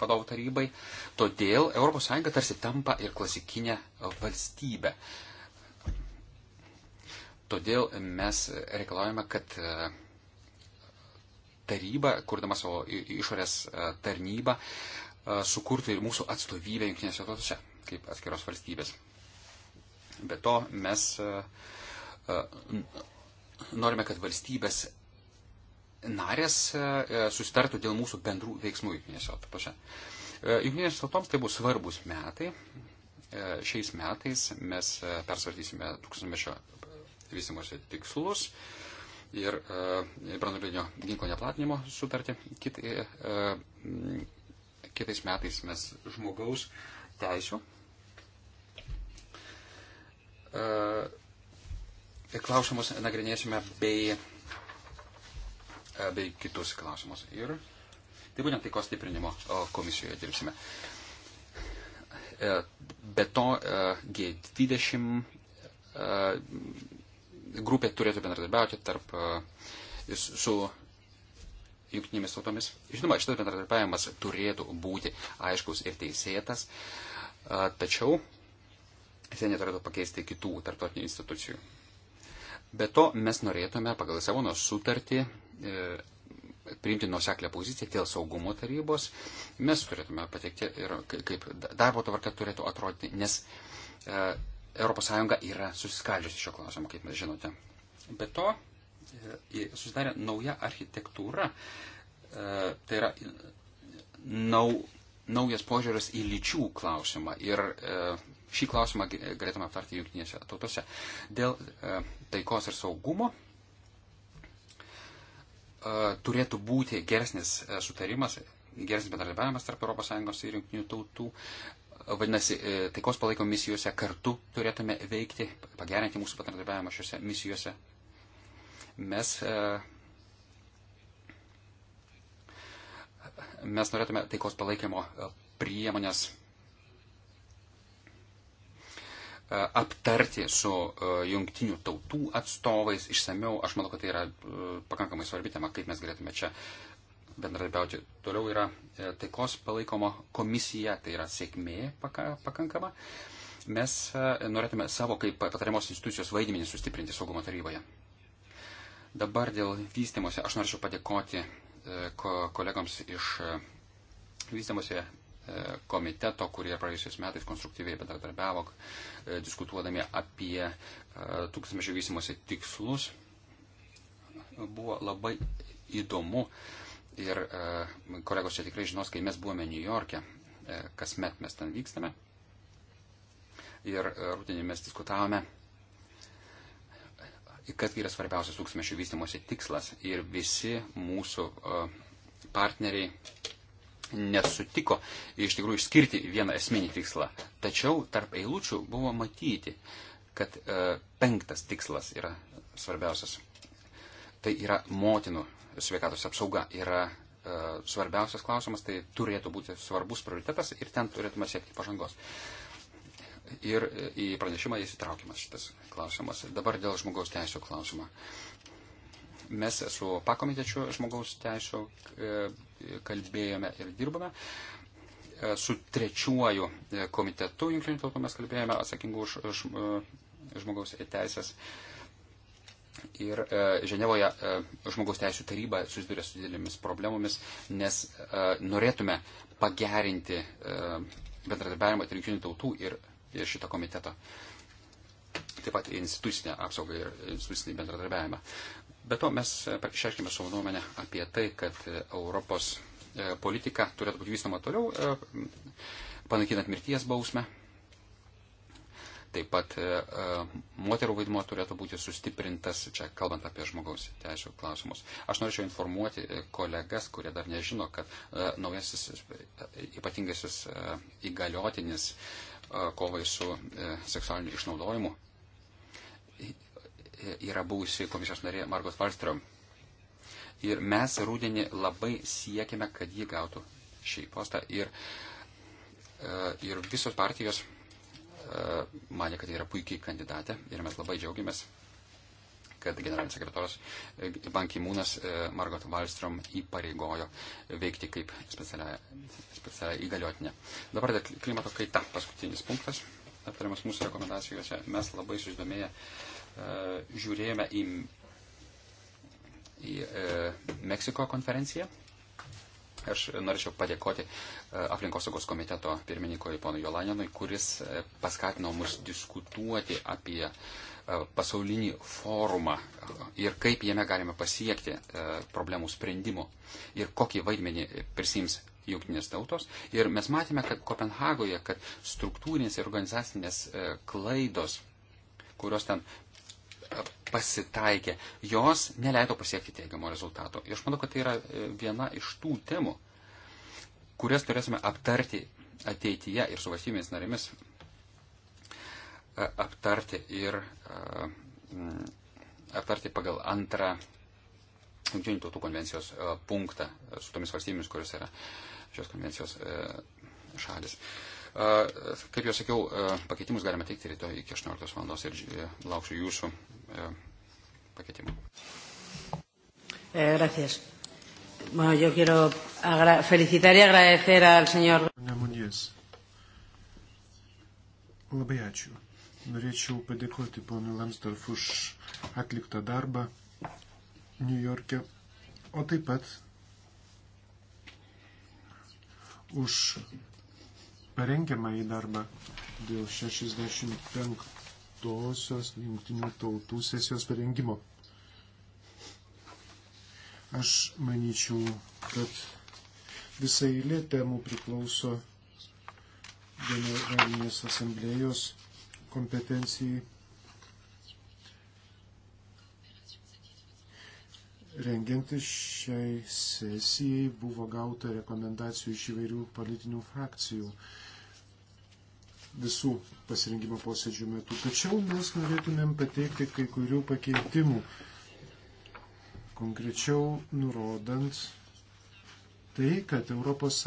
vadovų tarybai, todėl ES tarsi tampa ir klasikinė valstybė. Todėl mes reikalavome, kad taryba, kurdama savo išorės e, tarnybą, e, sukurtų ir mūsų atstovybę jungtinėse tautose, kaip atskiros valstybės. Be to mes e, norime, kad valstybės narės susitartų dėl mūsų bendrų veiksmų jungtinėse tautose. Jungtinėms tautoms tai bus svarbus metai. Šiais metais mes persvartysime tūkstantmečio vystimosi tikslus ir e, branduolinio ginklo neplatinimo sutartį. Kit, e, e, kitais metais mes žmogaus teisų klausimus nagrinėsime bei, bei kitus klausimus. Ir tai būtent taikos stiprinimo komisijoje dirbsime. Be to G20 grupė turėtų bendradarbiauti tarp, e, su jungtinėmis tautomis. Žinoma, šitas bendradarbiavimas turėtų būti aiškus ir teisėtas, e, tačiau jisai neturėtų pakeisti kitų tarptautinių institucijų. Be to, mes norėtume pagal savo sutartį e, priimti nuoseklę poziciją dėl saugumo tarybos. Mes turėtume pateikti ir kaip darbo tvarka turėtų atrodyti, nes ES yra susiskaldžiusi šio klausimo, kaip mes žinote. Be to, e, susidarė nauja architektūra, e, tai yra nau, naujas požiūris į lyčių klausimą. Ir e, šį klausimą galėtume aptarti jungtinėse tautose. Dėl taikos ir saugumo turėtų būti geresnis sutarimas, geresnis bendradarbiavimas tarp ES ir jungtinių tautų. Vadinasi, e, taikos palaikom misijose kartu turėtume veikti, pagerinti mūsų patardarbiavimą šiuose misijose. Mes, e, mes norėtume taikos palaikymo e, priemonės aptarti su jungtinių tautų atstovais išsameu. Aš manau, kad tai yra pakankamai svarbi tema, kaip mes galėtume čia bendradarbiauti. Toliau yra e, taikos palaikoma komisija, tai yra sėkmė pakankama. Mes e, norėtume savo kaip patariamos institucijos vaidmenį sustiprinti saugumo taryboje. Dabar dėl vystimuose aš norėčiau padėkoti e, kolegoms iš vystimuose komiteto, kurie praėjusiais metais konstruktyviai bendradarbiavo, diskutuodami apie tūkstantmečio vystimosi tikslus. Buvo labai įdomu uh, Ir e, kolegos čia tikrai žinos, kai mes buvome New York'e, e, kasmet mes ten vykstame. Ir e, rūtinį mes diskutavome, kad yra svarbiausias tūkstančių vystimosi tikslas. Ir visi mūsų partneriai nesutiko iš tikrųjų išskirti vieną esminį tikslą. Tačiau tarp eilučių buvo matyti, kad penktas tikslas yra svarbiausias. Tai yra motinų sveikatos apsauga yra e, svarbiausias klausimas, tai turėtų būti svarbus prioritetas ir ten turėtume siekti pažangos. Ir e, į pranešimą įsitraukimas šitas klausimas. Dabar dėl žmogaus teisų klausimo. Mes su pakomitečiu žmogaus teisų e, kalbėjome ir dirbame. Su trečiuoju komitetu jungtinių tautų mes kalbėjome atsakingu už žmogaus teisės. Uh, Ir e, Ženevoje e, žmogaus teisų taryba susiduria su didelėmis problemomis, nes e, norėtume pagerinti e, bendradarbiavimą tarp jungtinių tautų ir, ir šito komiteto. Taip pat institucinę apsaugą ir institucinį bendradarbiavimą. Be to mes e, išreiškime savo nuomonę apie tai, kad e, Europos e, politika turėtų būti vystoma toliau, panaikinant mirties bausmę Taip pat e, e, moterų vaidmo turėtų būti sustiprintas, čia kalbant apie žmogaus teisų klausimus. Aš norėčiau informuoti e, kolegas, kurie dar nežino, kad naujasis ypatingasis įgaliotinis kovai su seksualiniu išnaudojimu yra buvusi komisijos narė Margot Wallström. Ir mes rūdienį labai siekime, kad ji gautų šį postą. Ir, ir visos partijos E, mane, kad yra puikiai kandidatė ir mes labai džiaugiamės, kad generalinis sekretorius e, Bankimūnas e, Margot Wallström įpareigojo veikti kaip specialią, specialią įgaliotinę. Dabar dėl klimato kaita, paskutinis punktas, aptariamas mūsų rekomendacijose, mes labai susidomėję žiūrėjome į, į Meksiko konferenciją Aš norėčiau padėkoti e, aplinkosaugos komiteto pirmininkui ponui Jolaninui, kuris e, paskatino mus diskutuoti apie e, pasaulinį forumą ir kaip jame galime pasiekti problemų sprendimo ir kokį vaidmenį prisims jungtinės tautos. Ir mes matėme, kad Kopenhagoje, kad struktūrinės ir organizacinės klaidos, kurios ten pasitaikė, jos neleido pasiekti teigiamo rezultato. Ir aš manau, kad tai yra e, viena iš tų temų, kurias turėsime aptarti ateityje ir su valstybėmis narėmis e, aptarti ir e, mm, aptarti pagal antrą Junktinių tautų konvencijos punktą su tomis valstybėmis, kurios yra šios konvencijos šalis. Kaip jau sakiau, pakeitimus galime teikti rytoj iki 18 valandos ir lauksiu jūsų pakeitimų. Eh, gracias. Bueno, yo quiero felicitar y agradecer al señor. Labai ačiū. Norėčiau padėkoti ponui Lamsdorf už atliktą darbą New York'e, o taip pat už parengiamą į darbą dėl 65 šeštosios jungtinių tautų sesijos parengimo. Aš manyčiau, kad visai eilė temų priklauso generalinės asamblėjos kompetencijai Rengiantis šiai sesijai buvo gauta rekomendacijų iš įvairių politinių frakcijų visų pasirinkimo posėdžių metu. Tačiau mes norėtumėm pateikti kai kurių pakeitimų, konkrečiau nurodant tai, kad ES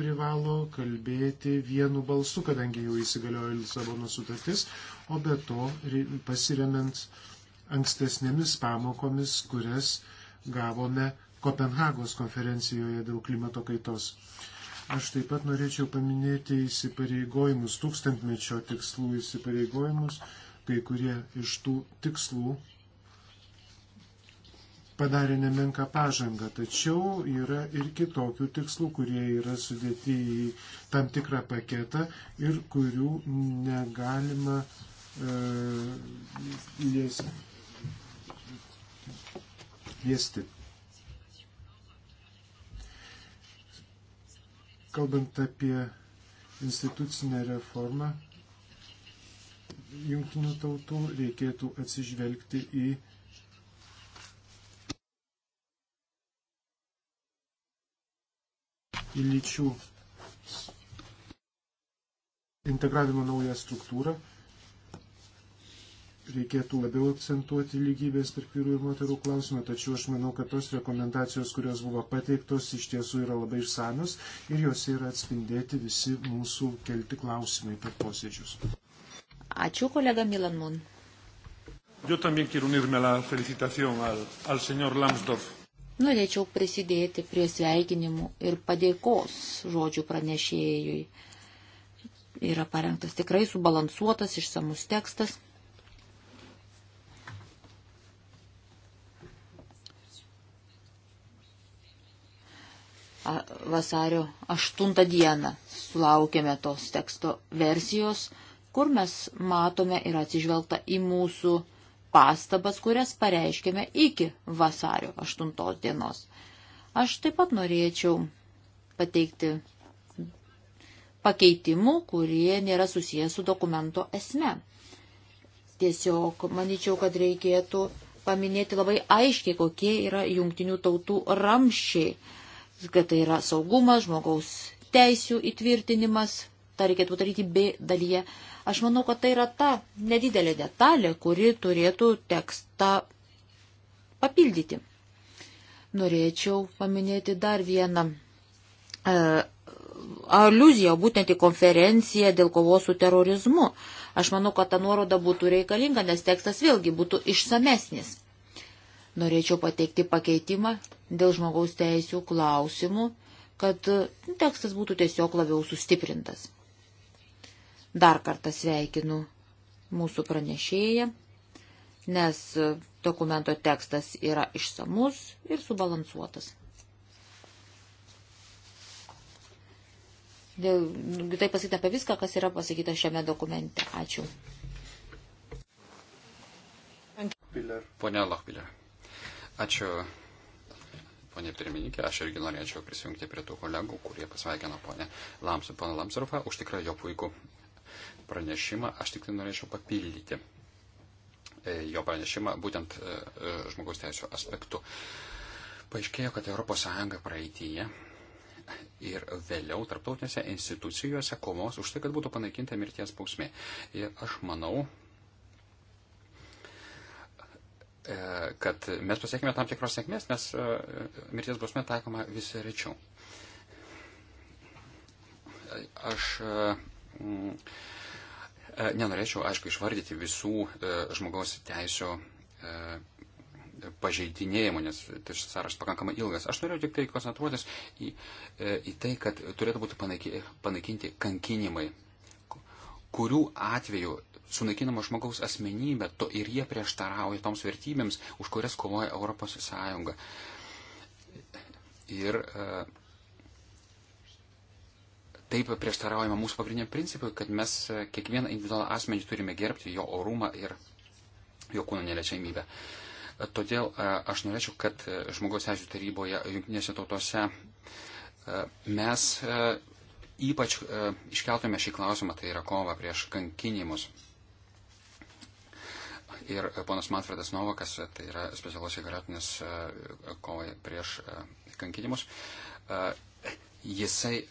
privalo kalbėti vienu balsu, kadangi jau įsigaliojo Lisabono sutartis, o be to pasiremiant ankstesnėmis pamokomis, kurias gavome Kopenhagos konferencijoje dėl klimato kaitos. Aš taip pat norėčiau paminėti įsipareigojimus, tūkstantmečio tikslų įsipareigojimus, kai kurie iš tų tikslų padarė nemenką pažangą, tačiau yra ir kitokių tikslų, kurie yra sudėti į tam tikrą paketą ir kurių negalima e, liesti. liesti. Kalbant apie institucinę reformą jungtinių tautų, reikėtų atsižvelgti į į lyčių integravimo naują struktūrą reikėtų labiau akcentuoti lygybės tarp vyrų ir moterų klausimą, tačiau aš manau, kad tos rekomendacijos, kurios buvo pateiktos, iš tiesų yra labai išsamios ir jose yra atspindėti visi mūsų kelti klausimai per posėdžius. Ačiū, kolega Milan Mun. Yo también quiero unirme a la felicitación al, al señor Lambsdorff. Norėčiau prisidėti prie sveikinimų ir padėkos žodžių pranešėjui. Yra parengtas tikrai subalansuotas, išsamus tekstas. vasario 8 dieną sulaukėme tos teksto versijos, kur mes matome ir atsižvelgta į mūsų pastabas, kurias pareiškėme iki vasario 8 dienos. Aš taip pat norėčiau pateikti pakeitimų, kurie nėra susijęs su dokumento esme. Tiesiog manyčiau, kad reikėtų paminėti labai aiškiai, kokie yra jungtinių tautų ramščiai kad tai yra saugumas, žmogaus teisių įtvirtinimas, tą reikėtų daryti B dalyje. Aš manau, kad tai yra ta nedidelė detalė, kuri turėtų tekstą papildyti. Norėčiau paminėti dar vieną e, aliuziją, būtent į konferenciją dėl kovos su terorizmu. Aš manau, kad ta nuoroda būtų reikalinga, nes tekstas vėlgi būtų išsamesnis norėčiau pateikti pakeitimą dėl žmogaus teisų klausimų, kad nu, tekstas būtų tiesiog labiau sustiprintas. Dar kartą sveikinu mūsų pranešėją, nes dokumento tekstas yra išsamus ir subalansuotas. Dėl, nu, tai pasakyti apie viską, kas yra pasakyta šiame dokumente. Ačiū. Pone Lochbiller. Ačiū, ponė pirmininkė. Aš irgi norėčiau prisijungti prie tų kolegų, kurie pasveikino ponę Lamsų, poną Lamsarufą už tikrai jo puikų pranešimą. Aš tik tai norėčiau papildyti e, jo pranešimą būtent e, e, žmogaus teisų aspektu. Paaiškėjo, kad ES praeitįje ir vėliau tarptautinėse institucijose kovos už tai, kad būtų panaikinta mirties bausmė. Ir aš manau, E, kad mes pasiekime tam tikros sėkmės, nes e, mirties bausmė taikoma vis rečiau. Aš e, nenorėčiau, aišku, išvardyti visų žmogaus teisų pažeidinėjimų, nes tai sąrašas pakankamai ilgas. Aš norėjau tik tai koncentruotis į, į tai, kad turėtų būti panaikinti kankinimai, kurių atveju sunaikinama žmogaus asmenybė to ir jie prieštarauja toms vertybėms, už kurias kovoja Europos Sąjunga. Ir e, taip prieštaraujama mūsų pagrindiniam principui, kad mes e, kiekvieną individualą asmenį turime gerbti, jo orumą ir jo kūno neliečiamybę. E, todėl e, aš norėčiau, kad žmogaus teisų taryboje, jungtinėse tautose mes ypač iškeltume šį klausimą, tai yra kova prieš kankinimus ir ponas Manfredas Novakas, tai yra specialus įgaliotinis e, kovai prieš e, kankinimus, e, jisai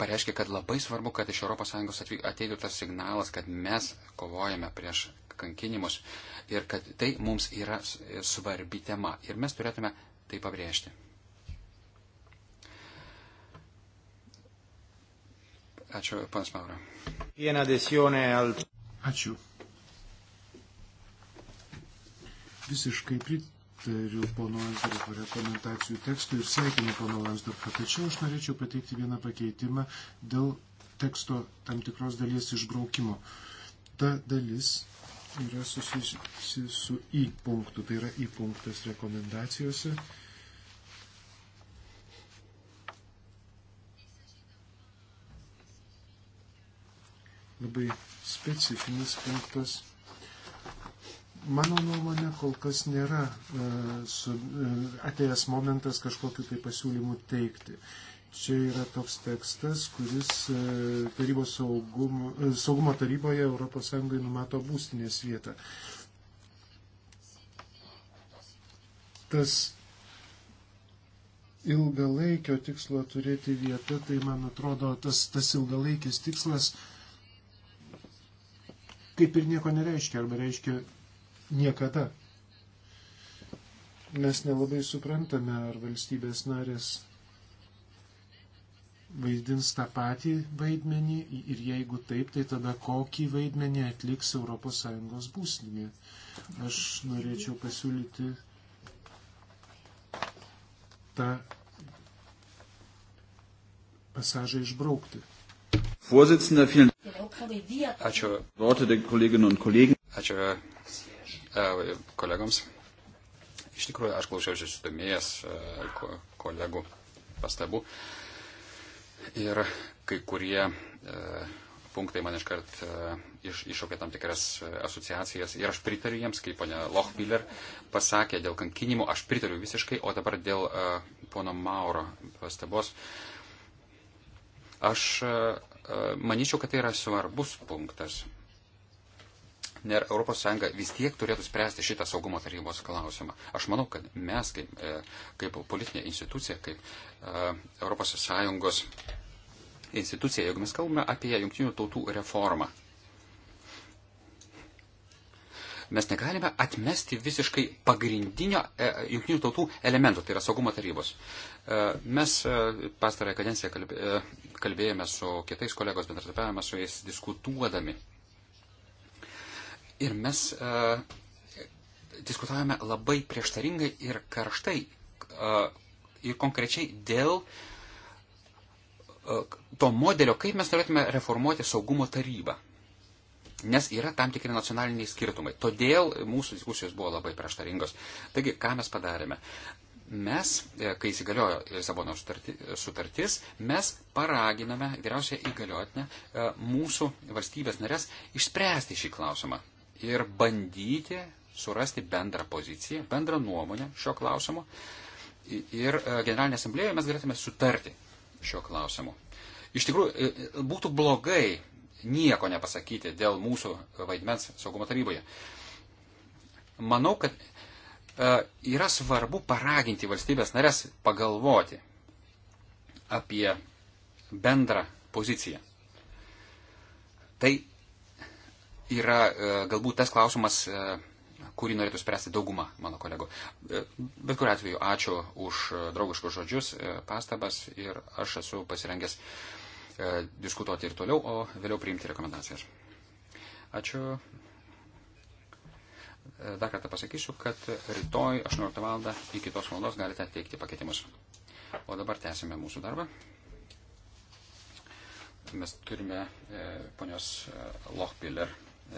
pareiškia, kad labai svarbu, kad iš ES ateitų tas signalas, kad mes kovojame prieš kankinimus ir kad tai mums yra svarbi tema ir mes turėtume tai pabrėžti. Ačiū, panas Maura. Ačiū. visiškai pritariu pono Lansdorfo rekomendacijų tekstui ir sveikinu pono Lansdorfą, tačiau aš norėčiau pateikti vieną pakeitimą dėl teksto tam tikros dalies išbraukimo. Ta dalis yra susijusi su į punktu, tai yra į punktas rekomendacijose. Labai specifinis punktas Mano nuomonė, kol kas nėra e, su, e, atėjęs momentas kažkokiu tai pasiūlymu teikti. Čia yra toks tekstas, kuris e, tarybos saugumo, e, saugumo taryboje ES numato būstinės vietą. Tas ilgalaikio tikslo turėti vietą, tai man atrodo, tas, tas ilgalaikis tikslas kaip ir nieko nereiškia, arba reiškia niekada. Mes nelabai suprantame, ar valstybės narės vaidins tą patį vaidmenį ir jeigu taip, tai tada kokį vaidmenį atliks ES būstinė. Aš norėčiau pasiūlyti tą pasažą išbraukti. Ačiū. Ačiū kolegoms. Iš tikrųjų, aš klausiausi sudomėjęs kolegų pastabų. Ir kai kurie punktai man iškart iš, iššaukė tam tikras asociacijas. Ir aš pritariu jiems, kaip ponia Lochmiller pasakė dėl kankinimų, aš pritariu visiškai, o dabar dėl pono Mauro pastabos. Aš manyčiau, kad tai yra svarbus punktas. ES vis tiek turėtų spręsti šitą saugumo tarybos klausimą. Aš manau, kad mes kaip, e, kaip politinė institucija, kaip ES institucija, jeigu mes kalbame apie jungtinių tautų reformą, mes negalime atmesti visiškai pagrindinio e, jungtinių tautų elemento, tai yra saugumo tarybos. E, mes pastarąją kadenciją kalbėjome su kitais kolegos, bendradarbiavome su jais diskutuodami Ir mes uh, diskutavome labai prieštaringai ir karštai uh, ir konkrečiai dėl uh, to modelio, kaip mes norėtume reformuoti saugumo tarybą. Nes yra tam tikri nacionaliniai skirtumai. Todėl mūsų diskusijos buvo labai prieštaringos. Taigi, ką mes padarėme? mes, kai įsigaliojo Lisabono sutartis, mes paraginame vyriausią įgaliotinę mūsų valstybės narės išspręsti šį klausimą ir bandyti surasti bendrą poziciją, bendrą nuomonę šio klausimo. Ir e, Generalinė asamblėje mes galėtume sutarti šio klausimu. Iš tikrųjų, e, e, būtų blogai nieko nepasakyti dėl mūsų vaidmens saugumo taryboje. Manau, kad yra svarbu paraginti valstybės narės pagalvoti apie bendrą poziciją. Tai yra e, galbūt tas klausimas, e, kurį norėtų spręsti dauguma mano kolegų. E, bet kuriu atveju, ačiū už draugiškus žodžius, pastabas ir aš esu pasirengęs diskutuoti ir toliau, o vėliau priimti rekomendacijas. Ačiū. Dar kartą pasakysiu, kad rytoj 18 val. iki tos valandos galite teikti pakeitimus. O dabar tęsime mūsų darbą. Mes turime e, ponios e, Lochpiller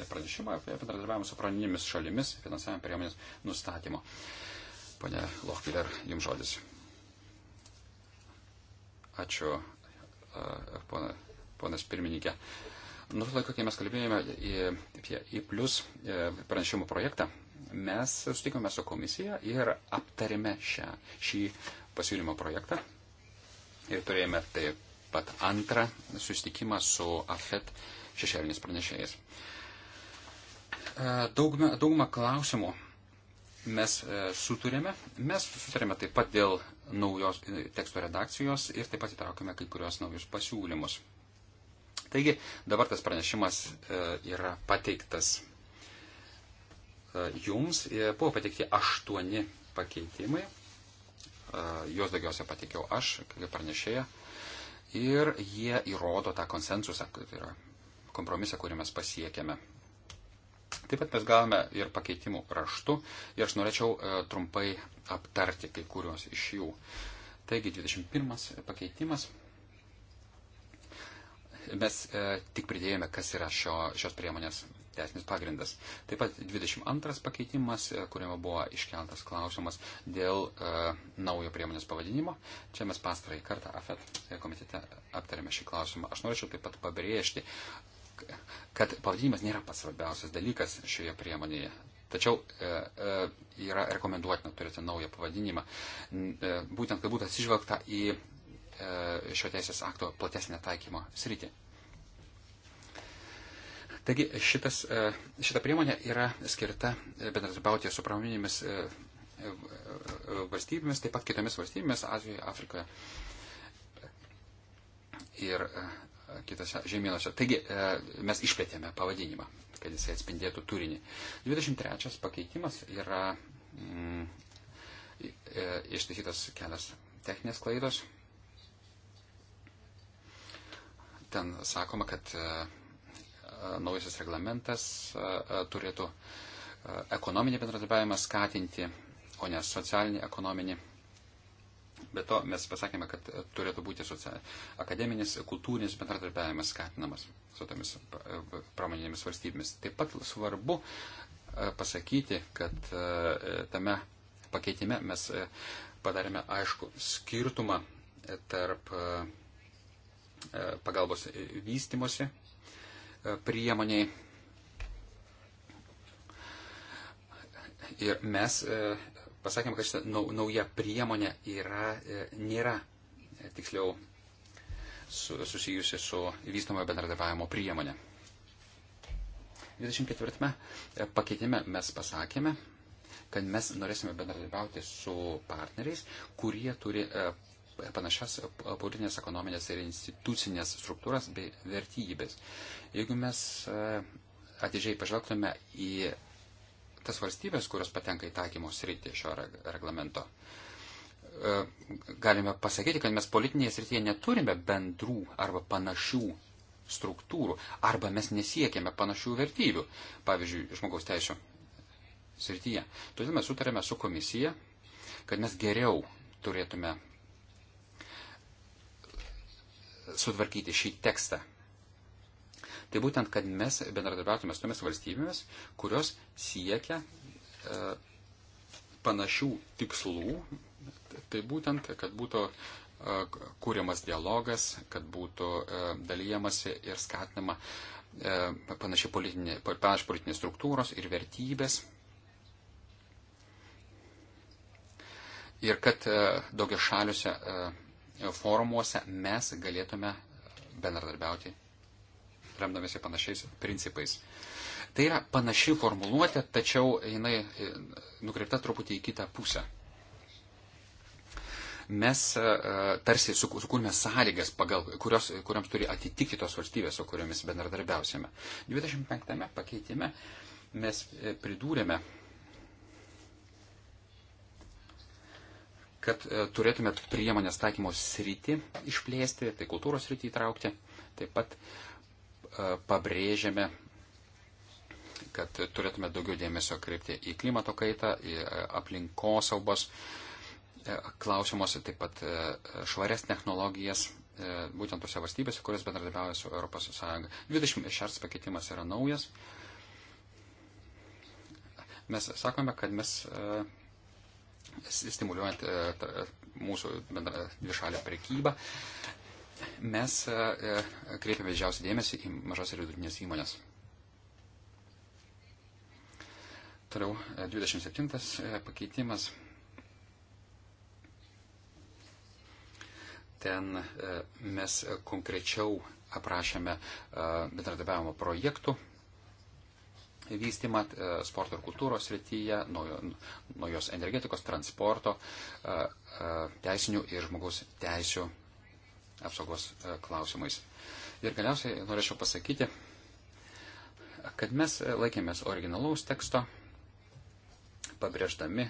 pranešimą apie bendradarbiavimą su praninėmis šalimis finansavimo priemonės nustatymo. Pane Lochviler, jums žodis. Ačiū, pona, ponas pirmininkė. Nuo to laiko, kai mes kalbėjome apie į plus e, pranešimų projektą, mes sutikome su komisija ir aptarėme šią, šį pasiūlymo projektą. Ir turėjome taip pat antrą susitikimą su AFET šešėlinis pranešėjas. E, daugumą, daugumą klausimų mes e, suturėme. Mes sutarėme taip pat dėl naujos e, teksto redakcijos ir taip pat įtraukėme kai kurios naujus pasiūlymus. Taigi dabar tas pranešimas yra pateiktas jums. Buvo pateikti aštuoni pakeitimai. Juos daugiausia pateikiau aš, kaip pranešėja. Ir jie įrodo tą konsensusą, tai yra kompromisą, kurį mes pasiekėme Taip pat mes gavome ir pakeitimų raštų ir aš norėčiau e, trumpai aptarti kai kuriuos iš jų. Taigi 21 pakeitimas. Mes e, tik pridėjome, kas yra šio, šios priemonės teisinis pagrindas. Taip pat 22 pakeitimas, e, kuriame buvo iškeltas klausimas dėl e, naujo priemonės pavadinimo. Čia mes pastarąjį kartą AFET komitete aptarėme šį klausimą. Aš norėčiau taip pat pabrėžti, kad pavadinimas nėra pats svarbiausias dalykas šioje priemonėje. Tačiau e, e, yra rekomenduotina turėti naują pavadinimą, e, būtent kad būtų atsižvelgta į e, šio teisės akto platesnę taikymo sritį. Taigi šitas, e, šita priemonė yra skirta e, bendradarbiauti su pramoninėmis e, e, e, valstybėmis, taip pat kitomis valstybėmis Azijoje, Afrikoje. Ir kitose žemynuose. Taigi e, mes išplėtėme pavadinimą, kad jisai atspindėtų turinį. 23 pakeitimas yra mm, e, ištaisytas kelias techninės klaidos. Ten sakoma, kad e, naujasis reglamentas turėtų ekonominį bendradarbiavimą skatinti, o ne socialinį ekonominį bendradarbiavimą Be to mes pasakėme, kad e, turėtų būti social... akademinis, kultūrinis bendradarbiavimas skatinamas su tomis e, pramoninėmis valstybėmis. Taip pat svarbu e, pasakyti, kad tame pakeitime mes padarėme aišku skirtumą tarp pagalbos vystimosi priemoniai. Ir mes pasakėm, kad šita nauja priemonė yra, e, nėra e, tiksliau susijusi su vystomojo bendradarbiavimo priemonė. 24 e, pakeitime mes pasakėme, kad mes norėsime bendradarbiauti su partneriais, kurie turi panašias politinės, ekonominės ir institucinės struktūras bei vertybės. Jeigu mes atidžiai pažvelgtume į tas valstybės, kurios patenka į taikymo sritį šio reglamento, e, galime pasakyti, kad mes politinėje srityje neturime bendrų arba panašių struktūrų, arba mes nesiekėme panašių vertybių, pavyzdžiui, žmogaus teisų srityje. Todėl mes sutarėme su komisija, kad mes geriau turėtume sutvarkyti šį tekstą Tai būtent, kad mes bendradarbiautume su tomis valstybėmis, kurios siekia e, panašių tikslų. Tai būtent, kad būtų e, kūriamas dialogas, kad būtų e, dalyjamasi ir skatinama e, panašiai politinė, panaši politinės struktūros ir vertybės. Ir kad e, daugia šaliuose e, forumuose mes galėtume bendradarbiauti remdamėsi panašiais principais. Tai yra panaši formuluotė, tačiau jinai e, nukreipta truputį į kitą pusę. Mes e, e, tarsi sukūrėme sąlygas, pagal, kurios, kuriams turi atitikti tos valstybės, su kuriomis bendradarbiausime. 25 pakeitime mes pridūrėme kad turėtume priemonės taikymo sritį išplėsti, tai kultūros sritį įtraukti, taip pat E, pabrėžiame, kad turėtume daugiau dėmesio kreipti į klimato kaitą, į e, aplinkosaugos e, klausimus, taip pat švarias technologijas, būtent tose valstybėse, kurios bendradarbiauja su ES. 26 pakeitimas yra naujas. Mes sakome, kad mes stimuliuojant mūsų bendrą dvišalę prekybą, Mes e, e, kreipiame didžiausią dėmesį į mažas ir vidutinės įmonės. Toliau 27 e, pakeitimas. Ten mes konkrečiau aprašėme bendradarbiavimo projektų vystimą sporto ir kultūros srityje, naujos energetikos, transporto, teisinių ir žmogaus teisų apsaugos e, klausimais. Ir galiausiai norėčiau pasakyti, kad mes e, laikėmės originalaus teksto, pabrėždami,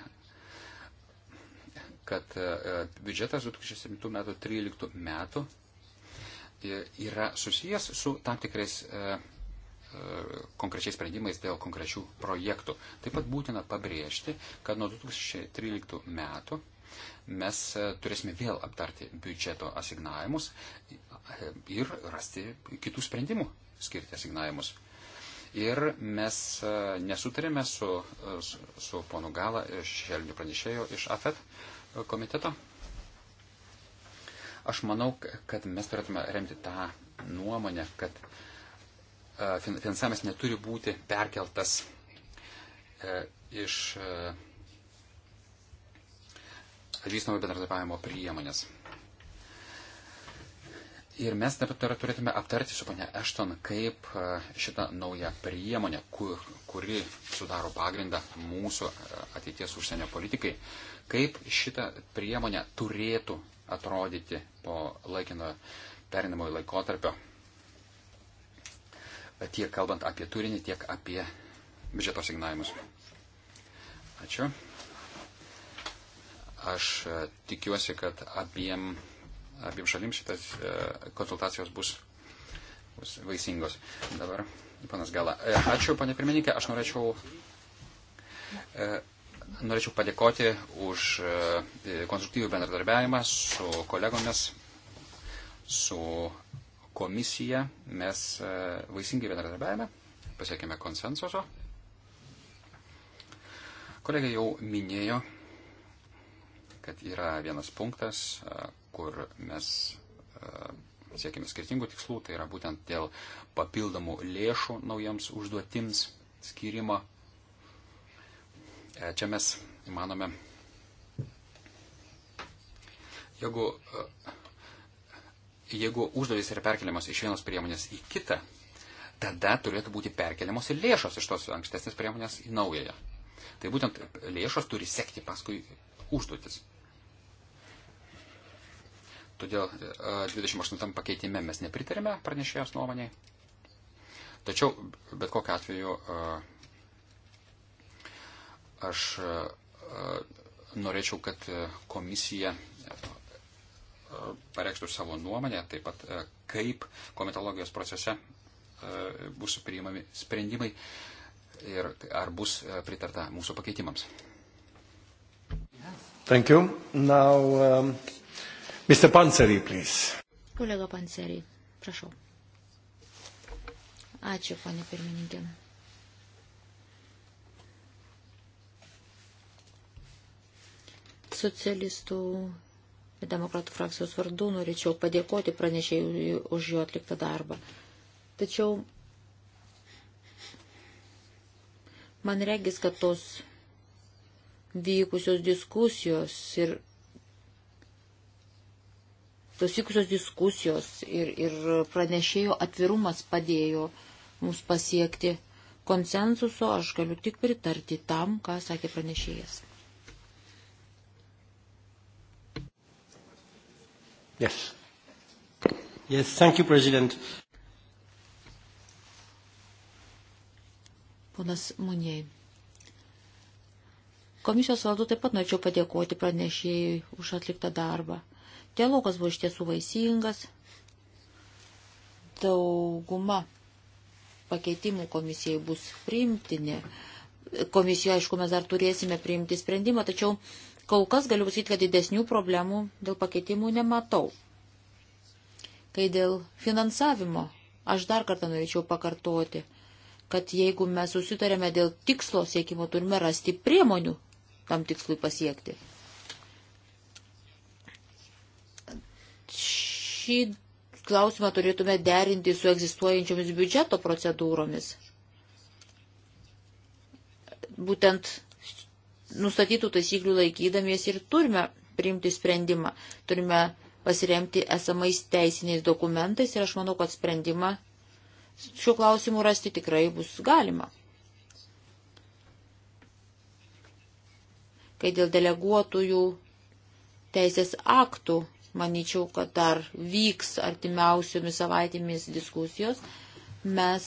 kad e, biudžetas 2007 metų 13 metų yra susijęs su tam tikrais konkrečiais sprendimais dėl konkrečių projektų. Taip pat būtina pabrėžti, kad nuo 2013 metų mes e, turėsime vėl aptarti biudžeto asignavimus ir rasti kitų sprendimų skirti asignavimus. Ir mes e, nesutarėme su, e, su, su ponu Gala, šešėliniu pranešėju iš AFET komiteto. Aš manau, kad mes turėtume remti tą nuomonę, kad finansavimas neturi būti perkeltas iš atpažįstamo bendradarbiavimo priemonės. Ir mes dabar turėtume aptarti su ponia Ešton, kaip e, šitą naują priemonę, kur, kuri sudaro pagrindą mūsų e, ateities užsienio politikai, kaip šitą priemonę turėtų atrodyti po laikino perinamojo laikotarpio, tiek kalbant apie turinį, tiek apie biudžeto signavimus. Ačiū. Aš e, tikiuosi, kad abiem, abiem šalim šitas e, konsultacijos bus, bus vaisingos. Dabar, panas Gala. E, ačiū, panė pirmininkė. Aš norėčiau. Norėčiau padėkoti už konstruktyvų bendradarbiavimą su kolegomis, su komisija. Mes vaisingai bendradarbiavime, pasiekėme konsensuso. Kolegė jau minėjo kad yra vienas punktas, e, kur mes e, siekime skirtingų tikslų, tai yra būtent dėl papildomų lėšų naujams užduotims skirimo. E, čia mes manome, jeigu, jeigu užduotis yra perkeliamas iš vienos priemonės į kitą, tada turėtų būti perkeliamos ir lėšos iš tos ankstesnės priemonės į naująją. Tai būtent lėšos turi sekti paskui užduotis. Todėl 28 e, pakeitime mes nepritarėme pranešėjos nuomonėje. Tačiau, bet kokiu atveju, e, aš e, norėčiau, kad komisija pareikštų savo nuomonę, taip pat kaip komitologijos procese bus priimami sprendimai ir ar bus pritarta mūsų pakeitimams. Thank you. Now, um... Mr. Panseri, please. Kolega Panseri, prašau. Ačiū, ponė pirmininkė. Socialistų demokratų frakcijos vardu norėčiau padėkoti pranešėjui už jo atliktą darbą. Tačiau man regis, kad tos vykusios diskusijos ir tos vykusios diskusijos ir, ir pranešėjo atvirumas padėjo mums pasiekti konsensuso, aš galiu tik pritarti tam, ką sakė pranešėjas. Yes. Yes, thank you, President. Ponas Munėjai. Komisijos vardu taip pat norėčiau padėkoti pranešėjai už atliktą darbą. Dialogas buvo iš tiesų vaisingas. Dauguma pakeitimų komisijai bus priimtini. Komisijoje, aišku, mes dar turėsime priimti sprendimą, tačiau kol kas galiu pasakyti, kad didesnių problemų dėl pakeitimų nematau. Kai dėl finansavimo, aš dar kartą norėčiau pakartoti, kad jeigu mes susitarėme dėl tikslo siekimo, turime rasti priemonių tam tikslui pasiekti. šį klausimą turėtume derinti su egzistuojančiomis biudžeto procedūromis. Būtent nustatytų taisyklių laikydamiesi ir turime priimti sprendimą. Turime pasiremti esamais teisiniais dokumentais ir aš manau, kad sprendimą šiuo klausimu rasti tikrai bus galima. Kai dėl deleguotųjų teisės aktų Maničiau, kad dar vyks artimiausiomis savaitėmis diskusijos. Mes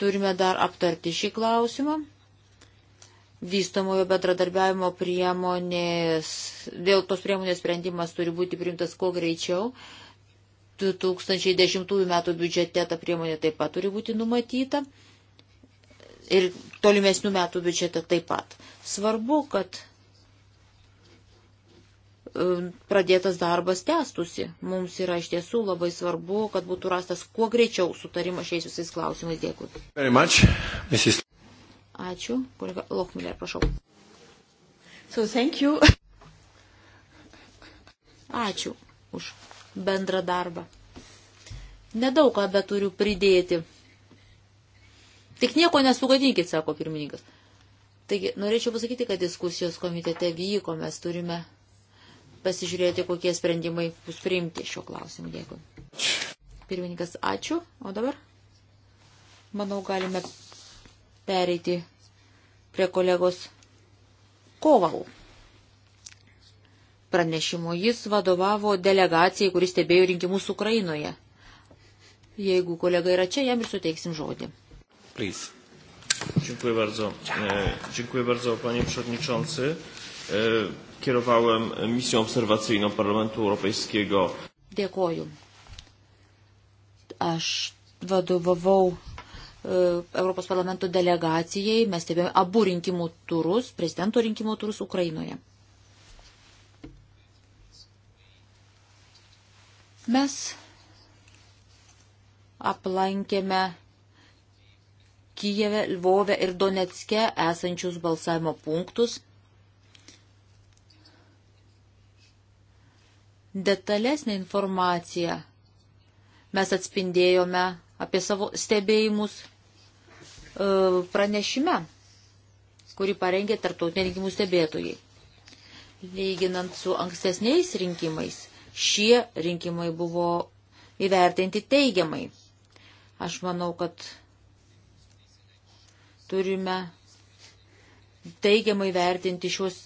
turime dar aptarti šį klausimą. Vystomojo bendradarbiavimo priemonės, dėl tos priemonės sprendimas turi būti priimtas kuo greičiau. 2010 metų biudžete ta priemonė taip pat turi būti numatyta ir tolimesnių metų biudžete taip pat. Svarbu, kad E, pradėtas darbas tęstusi. Mums yra iš tiesų labai svarbu, kad būtų rastas kuo greičiau sutarimas šiais visais klausimais. Dėkui. Is... Ačiū. Kolega Lochmiller, prašau. So, Ačiū už bendrą darbą. Nedaug ką bet turiu pridėti. Tik nieko nesugadinkit, sako pirmininkas. Taigi, norėčiau pasakyti, kad diskusijos komitete vyko, mes turime pasižiūrėti, kokie sprendimai bus priimti šiuo klausimu. Dėkui. Pirmininkas, ačiū. O dabar, manau, galime pereiti prie kolegos Kovalų. Pranešimo jis vadovavo delegacijai, kuris stebėjo rinkimus Ukrainoje. Jeigu kolega yra čia, jam ir suteiksim žodį. Please. Dziękuję bardzo. E, dziękuję bardzo, panie przewodniczący. E, kierowałem misją obserwacyjną Parlamentu Europejskiego. Dėkoju. Aš vadovavau e, Europos parlamento delegacijai, mes stebėjome abu rinkimų turus, prezidento rinkimų turus Ukrainoje. Mes aplankėme Kijeve, Lvove ir Donetske esančius balsavimo punktus – detalesnę informaciją mes atspindėjome apie savo stebėjimus e, pranešime, kurį parengė tarptautiniai rinkimų stebėtojai. Lyginant su ankstesniais rinkimais, šie rinkimai buvo įvertinti teigiamai. Aš manau, kad turime teigiamai vertinti šios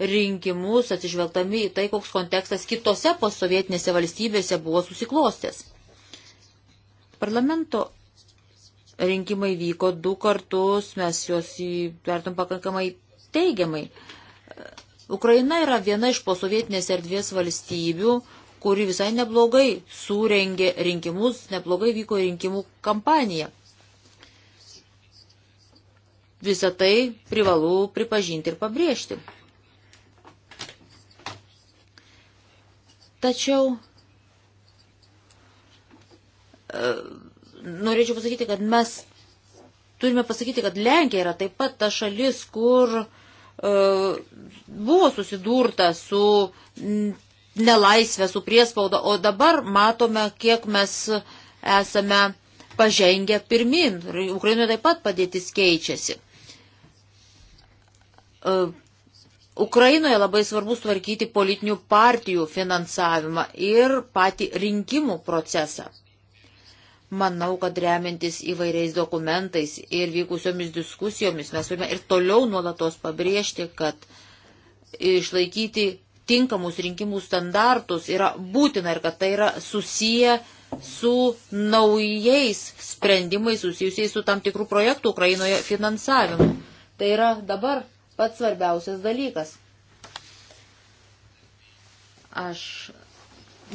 rinkimus, atsižvelgdami į tai, koks kontekstas kitose posovietinėse valstybėse buvo susiklostęs. Parlamento rinkimai vyko du kartus, mes juos įvertum pakankamai teigiamai. Ukraina yra viena iš posovietinės erdvės valstybių, kuri visai neblogai surengė rinkimus, neblogai vyko rinkimų kampanija. Visą tai privalu pripažinti ir pabrėžti. Tačiau e, norėčiau pasakyti, kad mes turime pasakyti, kad Lenkija yra taip pat ta šalis, kur e, buvo susidurta su nelaisvė, su priespauda, o dabar matome, kiek mes esame pažengę pirmin. Ukrainoje taip pat padėtis keičiasi. E, Ukrainoje labai svarbu tvarkyti politinių partijų finansavimą ir patį rinkimų procesą. Manau, kad remiantis įvairiais dokumentais ir vykusiomis diskusijomis mes turime ir toliau nuolatos pabrėžti, kad išlaikyti tinkamus rinkimų standartus yra būtina ir kad tai yra susiję su naujais sprendimais susijusiais su tam tikrų projektų Ukrainoje finansavimu. Tai yra dabar pats svarbiausias dalykas. Aš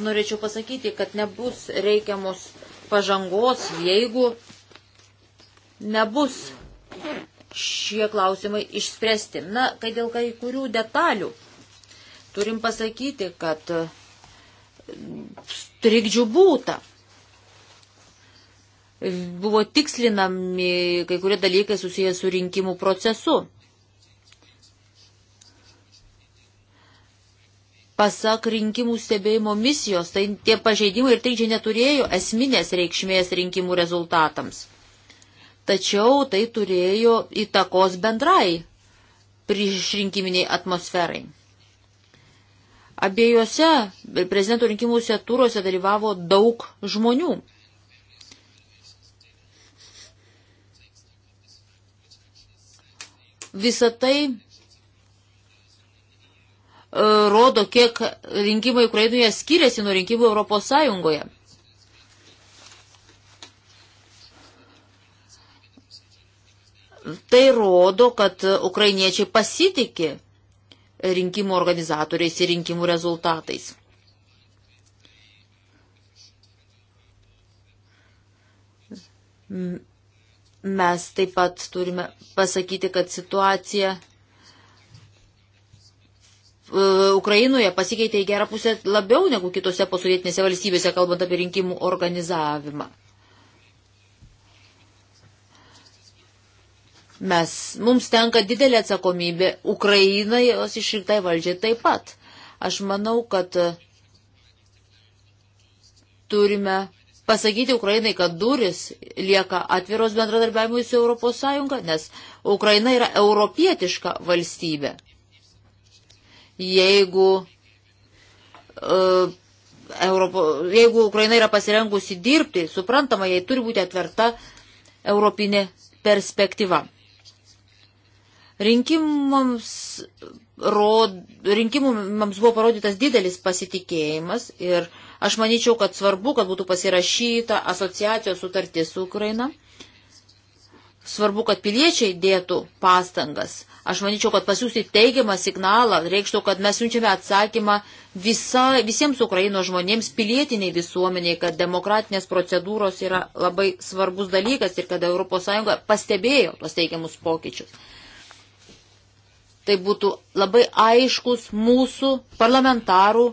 norėčiau pasakyti, kad nebus reikiamos pažangos, jeigu nebus šie klausimai išspręsti. Na, kai dėl kai kurių detalių turim pasakyti, kad e, trikdžių būta. Buvo tikslinami kai kurie dalykai susijęs su rinkimų procesu. Pasak rinkimų stebėjimo misijos, tai tie pažeidimai ir trikdžiai neturėjo esminės reikšmės rinkimų rezultatams. Tačiau tai turėjo įtakos bendrai priešrinkiminiai atmosferai. Abiejose prezidento rinkimuose turuose dalyvavo daug žmonių. Visą tai E, rodo, kiek rinkimai Ukrainoje skiriasi nuo rinkimų Europos Sąjungoje. Tai rodo, kad ukrainiečiai pasitikė rinkimų organizatoriais ir rinkimų rezultatais. Mes taip pat turime pasakyti, kad situacija E, Ukrainoje pasikeitė į gerą pusę labiau negu kitose posovietinėse valstybėse, kalbant apie rinkimų organizavimą. Mes, mums tenka didelė atsakomybė, Ukrainai jos išrinktai valdžiai taip pat. Aš manau, kad turime pasakyti Ukrainai, kad duris lieka atviros bendradarbiavimui su ES, nes Ukraina yra europietiška valstybė jeigu, uh, Europo, jeigu Ukraina yra pasirengusi dirbti, suprantama, jai turi būti atverta europinė perspektyva. Rinkimams, rod, rinkimams buvo parodytas didelis pasitikėjimas ir aš manyčiau, kad svarbu, kad būtų pasirašyta asociacijos sutartis su Ukraina. Uh, svarbu, kad piliečiai dėtų pastangas. Aš manyčiau, kad pasiūsti teigiamą signalą reikštų, kad mes siunčiame atsakymą visa, visiems Ukraino žmonėms, pilietiniai visuomeniai, kad demokratinės procedūros yra labai svarbus dalykas ir kad ES pastebėjo tuos teigiamus pokyčius. Tai būtų labai aiškus mūsų parlamentarų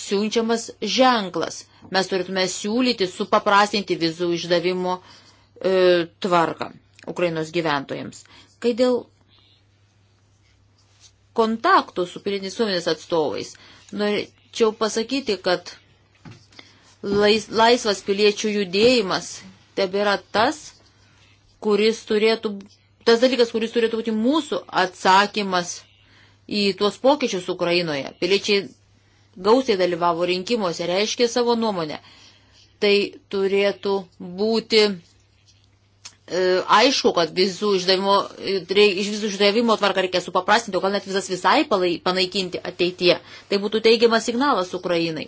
siunčiamas ženklas. Mes turėtume siūlyti supaprastinti vizų išdavimo e, tvarką. Ukrainos gyventojams. Kai dėl kontaktų su pilietinės visuomenės atstovais, norėčiau pasakyti, kad lais, laisvas piliečių judėjimas tebėra tas, kuris turėtų, tas dalykas, kuris turėtų būti mūsų atsakymas į tuos pokyčius Ukrainoje. Piliečiai gausiai dalyvavo rinkimuose, reiškė savo nuomonę. Tai turėtų būti E, aišku, kad vizų išdavimo, e, iš vizų išdavimo tvarką reikia supaprastinti, o gal net vizas visai palai, panaikinti ateityje. Tai būtų teigiamas signalas Ukrainai.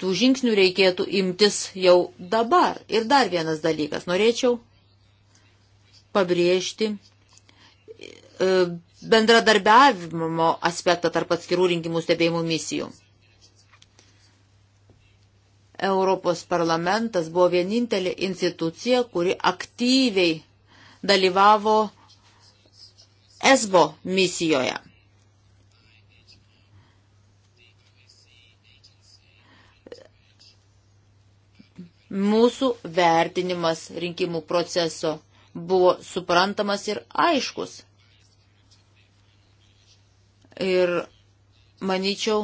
Tų žingsnių reikėtų imtis jau dabar. Ir dar vienas dalykas. Norėčiau pabrėžti e, bendradarbiavimo aspektą tarp atskirų rinkimų stebėjimų misijų. Europos parlamentas buvo vienintelė institucija, kuri aktyviai dalyvavo ESBO misijoje. Mūsų vertinimas rinkimų proceso buvo suprantamas ir aiškus. Ir manyčiau,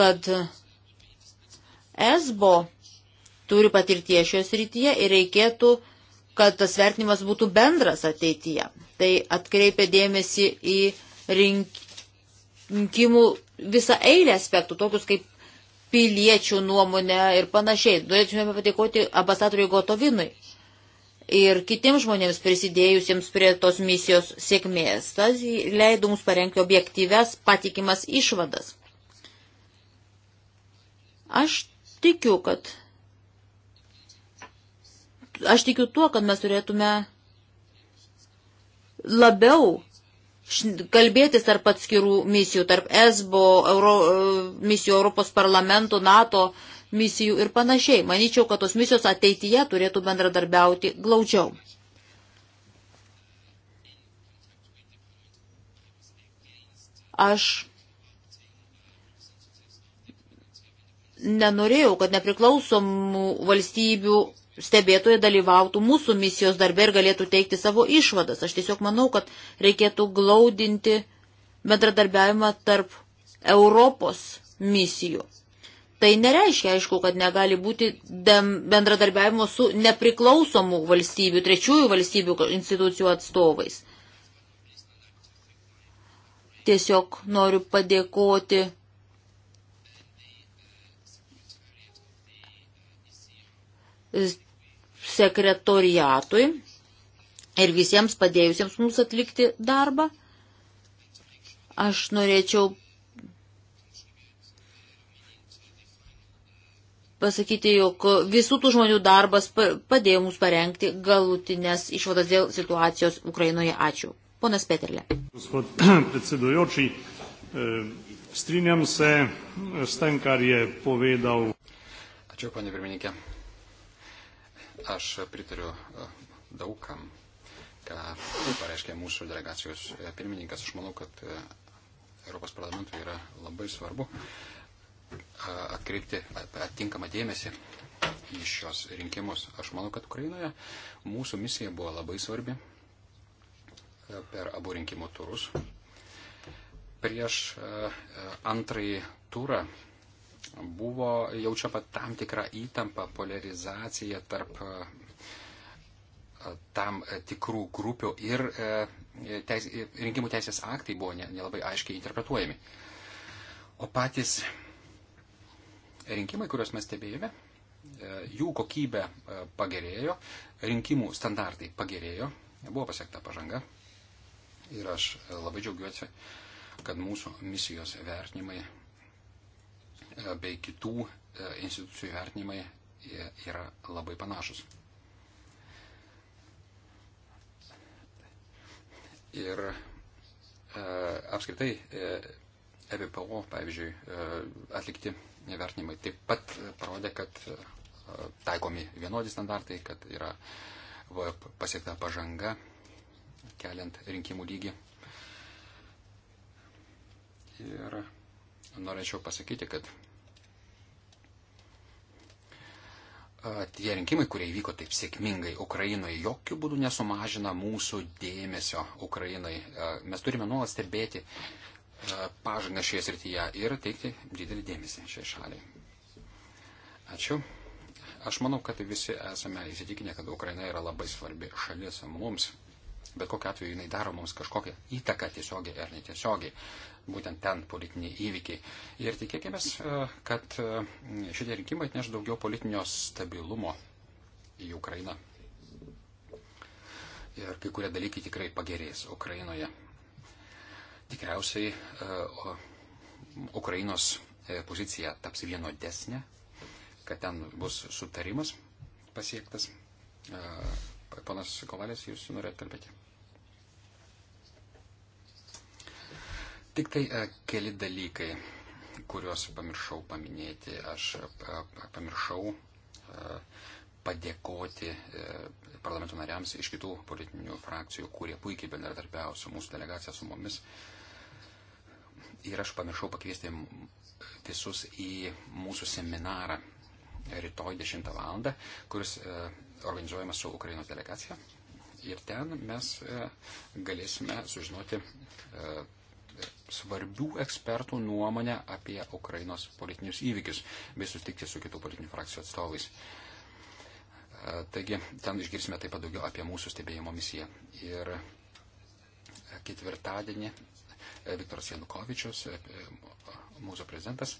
kad ESBO turi patirties šios rytyje ir reikėtų, kad tas vertinimas būtų bendras ateityje. Tai atkreipia dėmesį į rinkimų visą eilę aspektų, tokius kaip piliečių nuomonę ir panašiai. Norėtume padėkoti ambasadoriui Gotovinui ir kitiems žmonėms prisidėjusiems prie tos misijos sėkmės. Tas leido mums parengti objektyves, patikimas išvadas. Aš tikiu, kad aš tikiu tuo, kad mes turėtume labiau kalbėtis tarp atskirų misijų, tarp ESBO, Euro, misijų Europos parlamento, NATO misijų ir panašiai. Manyčiau, kad tos misijos ateityje turėtų bendradarbiauti glaudžiau. Aš nenorėjau, kad nepriklausomų valstybių stebėtojai dalyvautų mūsų misijos darbė ir galėtų teikti savo išvadas. Aš tiesiog manau, kad reikėtų glaudinti bendradarbiavimą tarp Europos misijų. Tai nereiškia, aišku, kad negali būti bendradarbiavimo su nepriklausomų valstybių, trečiųjų valstybių institucijų atstovais. Tiesiog noriu padėkoti sekretoriatui ir visiems padėjusiems mums atlikti darbą. Aš norėčiau pasakyti, jog visų tų žmonių darbas padėjo mums parengti galutinės išvadas dėl situacijos Ukrainoje. Ačiū. Ponas Peterle. E, strinjam se s tem, kar je povedal. Ačiū, ponė pirmininkė. Aš pritariu e, daugam, ką pareiškė mūsų delegacijos e, pirmininkas. Aš manau, kad e, Europos parlamentui yra labai svarbu atkreipti atinkamą dėmesį į šios rinkimus. Aš manau, kad Ukrainoje mūsų misija buvo labai svarbi per abu rinkimų turus. Prieš antrąjį turą buvo jaučiama tam tikra įtampa, polarizacija tarp e, tam e, tikrų grupių ir e, teis, rinkimų teisės aktai buvo nelabai aiškiai interpretuojami. O patys rinkimai, kuriuos mes stebėjome, jų kokybė pagerėjo, rinkimų standartai pagerėjo, buvo pasiekta pažanga. Ir aš labai džiaugiuosi, kad mūsų misijos vertinimai E, bei kitų e, institucijų vertinimai e, yra labai panašus. Ir e, apskritai e, EBPO, pavyzdžiui, e, atlikti vertinimai taip pat parodė, kad e, taikomi vienodi standartai, kad yra pasiekta pažanga keliant rinkimų lygį. Ir norėčiau pasakyti, kad tie rinkimai, kurie įvyko taip sėkmingai Ukrainoje, jokių būdų nesumažina mūsų dėmesio Ukrainai. Mes turime nuolat stebėti pažangą šioje srityje ir teikti didelį dėmesį šiai šaliai. Ačiū. Aš manau, kad visi esame įsitikinę, kad Ukraina yra labai svarbi šalis mums. Bet kokiu atveju jinai daro mums kažkokią įtaką tiesiogiai ar netiesiogiai būtent ten politiniai įvykiai. Ir tikėkime, kad e, šitie rinkimai atneš daugiau politinio stabilumo į Ukrainą. Ir kai kurie dalykai tikrai pagerės Ukrainoje. Tikriausiai e, Ukrainos e, pozicija taps vienodesnė, kad ten bus sutarimas pasiektas. Ponas Kovalės, jūs norėtumėte kalbėti? Tik tai e, keli dalykai, kuriuos pamiršau paminėti. Aš e, pamiršau e, padėkoti parlamento nariams iš kitų politinių frakcijų, kurie puikiai bendradarbiavo su mūsų delegacija, su mumis. Ir aš pamiršau pakviesti visus į mūsų seminarą rytoj 10 val., kuris organizuojamas su Ukrainos delegacija. Ir ten mes galėsime sužinoti svarbių ekspertų nuomonę apie Ukrainos politinius įvykius, bei sustikti su kitų politinių frakcijų atstovais. E, taigi, ten išgirsime taip pat daugiau apie mūsų stebėjimo misiją. Ir ketvirtadienį e, Viktoras Janukovičius, e, mūsų prezidentas,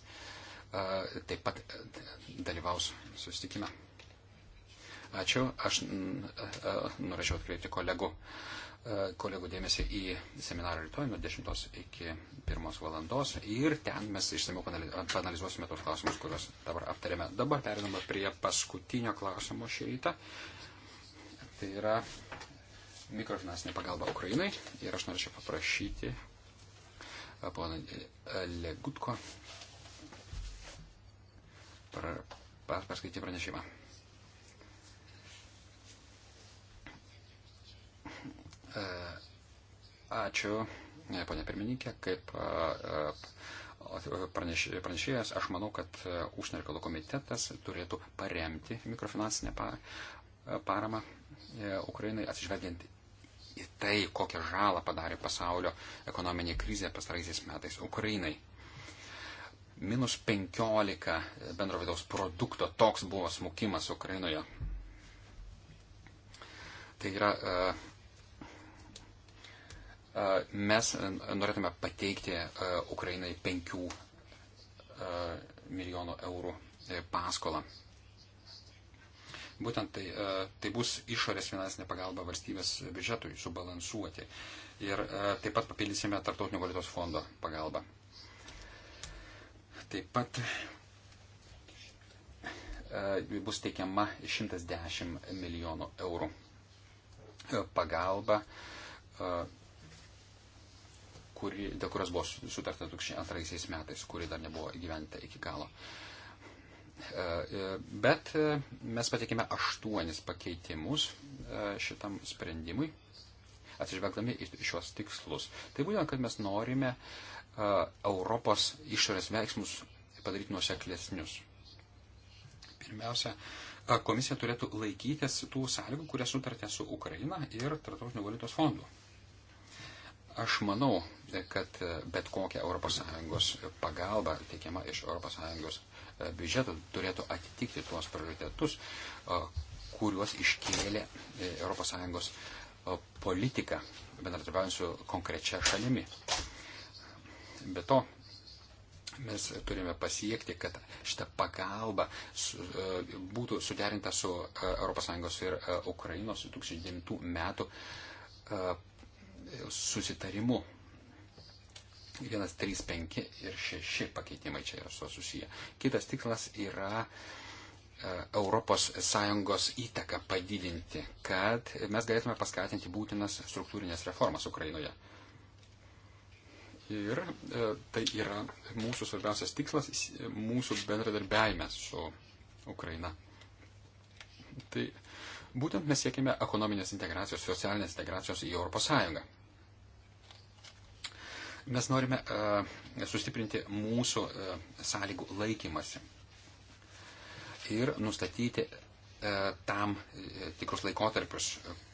taip pat dalyvaus susitikime. Ačiū. Aš norėčiau atkreipti kolegų E, kolegų dėmesį į seminarą rytoj nuo 10 iki 1 valandos ir ten mes išsamiau panalizuosime tos klausimus, kuriuos dabar aptarėme. Dabar periname prie paskutinio klausimo šį rytą. Tai yra mikrofinansinė pagalba Ukrainai ir aš norėčiau paprašyti e, poną e, Legutko paskaityti pranešimą. E, ačiū, e, ponė pirmininkė, kaip e, pranešėjas, aš manau, kad užsienio reikalų komitetas turėtų paremti mikrofinansinę paramą Ukrainai, atsižvelgiant į tai, kokią žalą padarė pasaulio ekonominė krizė pastaraisiais metais Ukrainai. Minus 15 bendro vidaus produkto toks buvo smukimas Ukrainoje. Tai yra uh, mes norėtume pateikti Ukrainai 5 milijonų eurų e, paskolą. Būtent tai, tai bus išorės finansinė pagalba valstybės biudžetui subalansuoti. Ir taip pat papildysime Tartautinio valiutos fondo pagalbą. Taip pat bus teikiama 110 milijonų eurų pagalba kuri, dėl kurios buvo sutarta 2002 metais, kuri dar nebuvo įgyventa iki galo. E, e, bet e, mes pateikėme aštuonis pakeitimus šitam sprendimui, atsižvelgdami į šios tikslus. Tai būtent, kad mes norime Europos išorės veiksmus padaryti nuoseklesnius. Pirmiausia, komisija turėtų laikytis tų sąlygų, kurias sutartė su Ukraina ir Tartautinio valiutos fondu. Aš manau, kad bet kokia ES pagalba teikiama iš ES e, biudžeto turėtų atitikti tuos prioritetus, e, kuriuos iškėlė ES e, politika, bendradarbiaujant su konkrečia šalimi. Be to, mes turime pasiekti, kad šita pagalba būtų suderinta su ES ir Ukrainos 2009 metų susitarimu. 1, 3, 5 ir 6 pakeitimai čia yra su susiję. Kitas tikslas yra ES įtaką padidinti, kad mes galėtume paskatinti būtinas struktūrinės reformas Ukrainoje. Ir e, tai yra mūsų svarbiausias tikslas, mūsų bendradarbiavime su Ukraina. Tai būtent mes siekime ekonominės integracijos, socialinės integracijos į ES. Mes norime e, sustiprinti mūsų e, sąlygų laikymasi ir nustatyti e, tam tikrus laikotarpius,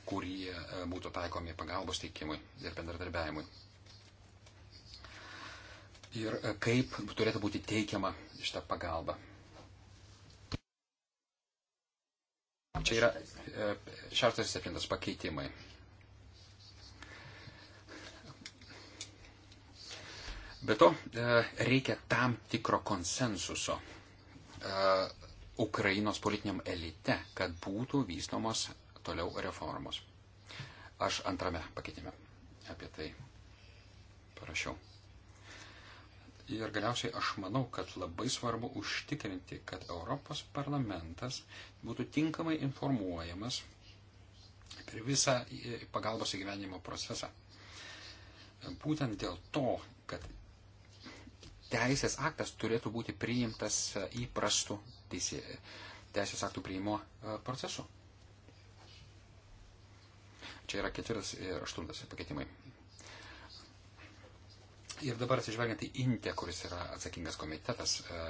kurie būtų taikomi pagalbos teikimui ir bendradarbiavimui. Ir kaip turėtų būti teikiama šitą pagalbą. Čia yra šeštas ir septintas pakeitimai. Be to, e, reikia tam tikro konsensuso e, Ukrainos politiniam elite, kad būtų vystomos toliau reformos. Aš antrame pakeitime apie tai parašiau. Ir galiausiai aš manau, kad labai svarbu užtikrinti, kad Europos parlamentas būtų tinkamai informuojamas per visą e, pagalbos įgyvenimo procesą. Būtent dėl to, kad teisės aktas turėtų būti priimtas įprastu teisė, teisės aktų priimo e, procesu. Čia yra ketvirtas ir aštuntas pakeitimai. Ir dabar atsižvelgiant į Intę, kuris yra atsakingas komitetas, e,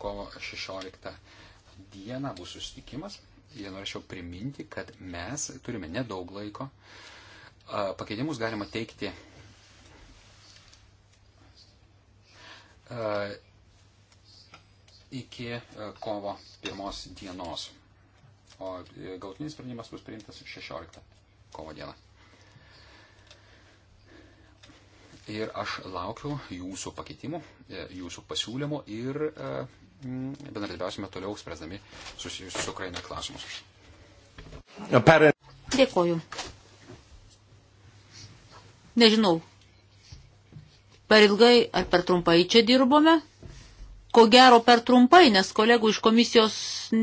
kovo 16 dieną bus susitikimas. Jie norėčiau priminti, kad mes turime nedaug laiko. E, pakeitimus galima teikti E, iki e, kovo pirmos dienos. O e, galtinis sprendimas bus priimtas 16 kovo dieną. Ir aš laukiu jūsų pakeitimų, jūsų pasiūlymų ir bendradarbiausime toliau, spręsdami susijusius su Ukraina klausimus. Dėkoju. Nežinau, Per ilgai ar per trumpai čia dirbome? Ko gero per trumpai, nes kolegų iš komisijos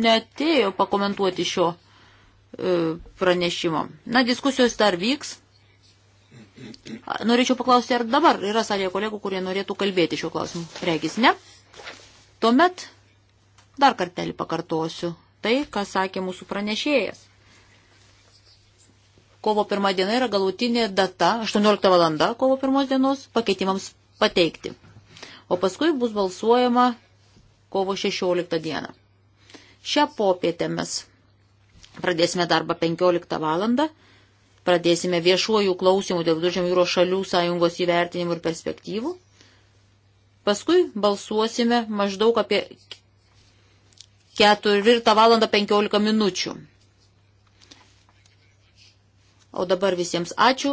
netėjo pakomentuoti šio e, pranešimo. Na, diskusijos dar vyks. Norėčiau paklausti, ar dabar yra salėje kolegų, kurie norėtų kalbėti šiuo klausimu. Regis ne. Tuomet dar kartelį pakartosiu tai, ką sakė mūsų pranešėjas. Kovo pirmą diena yra galutinė data, 18 valanda kovo pirmos dienos, pakeitimams pateikti. O paskui bus balsuojama kovo 16 dieną. Šią popietę mes pradėsime darbą 15 valandą, pradėsime viešuojų klausimų dėl Viduržėmio jūros šalių sąjungos įvertinimų ir perspektyvų. Paskui balsuosime maždaug apie 4 valandą 15 minučių. O dabar visiems ačiū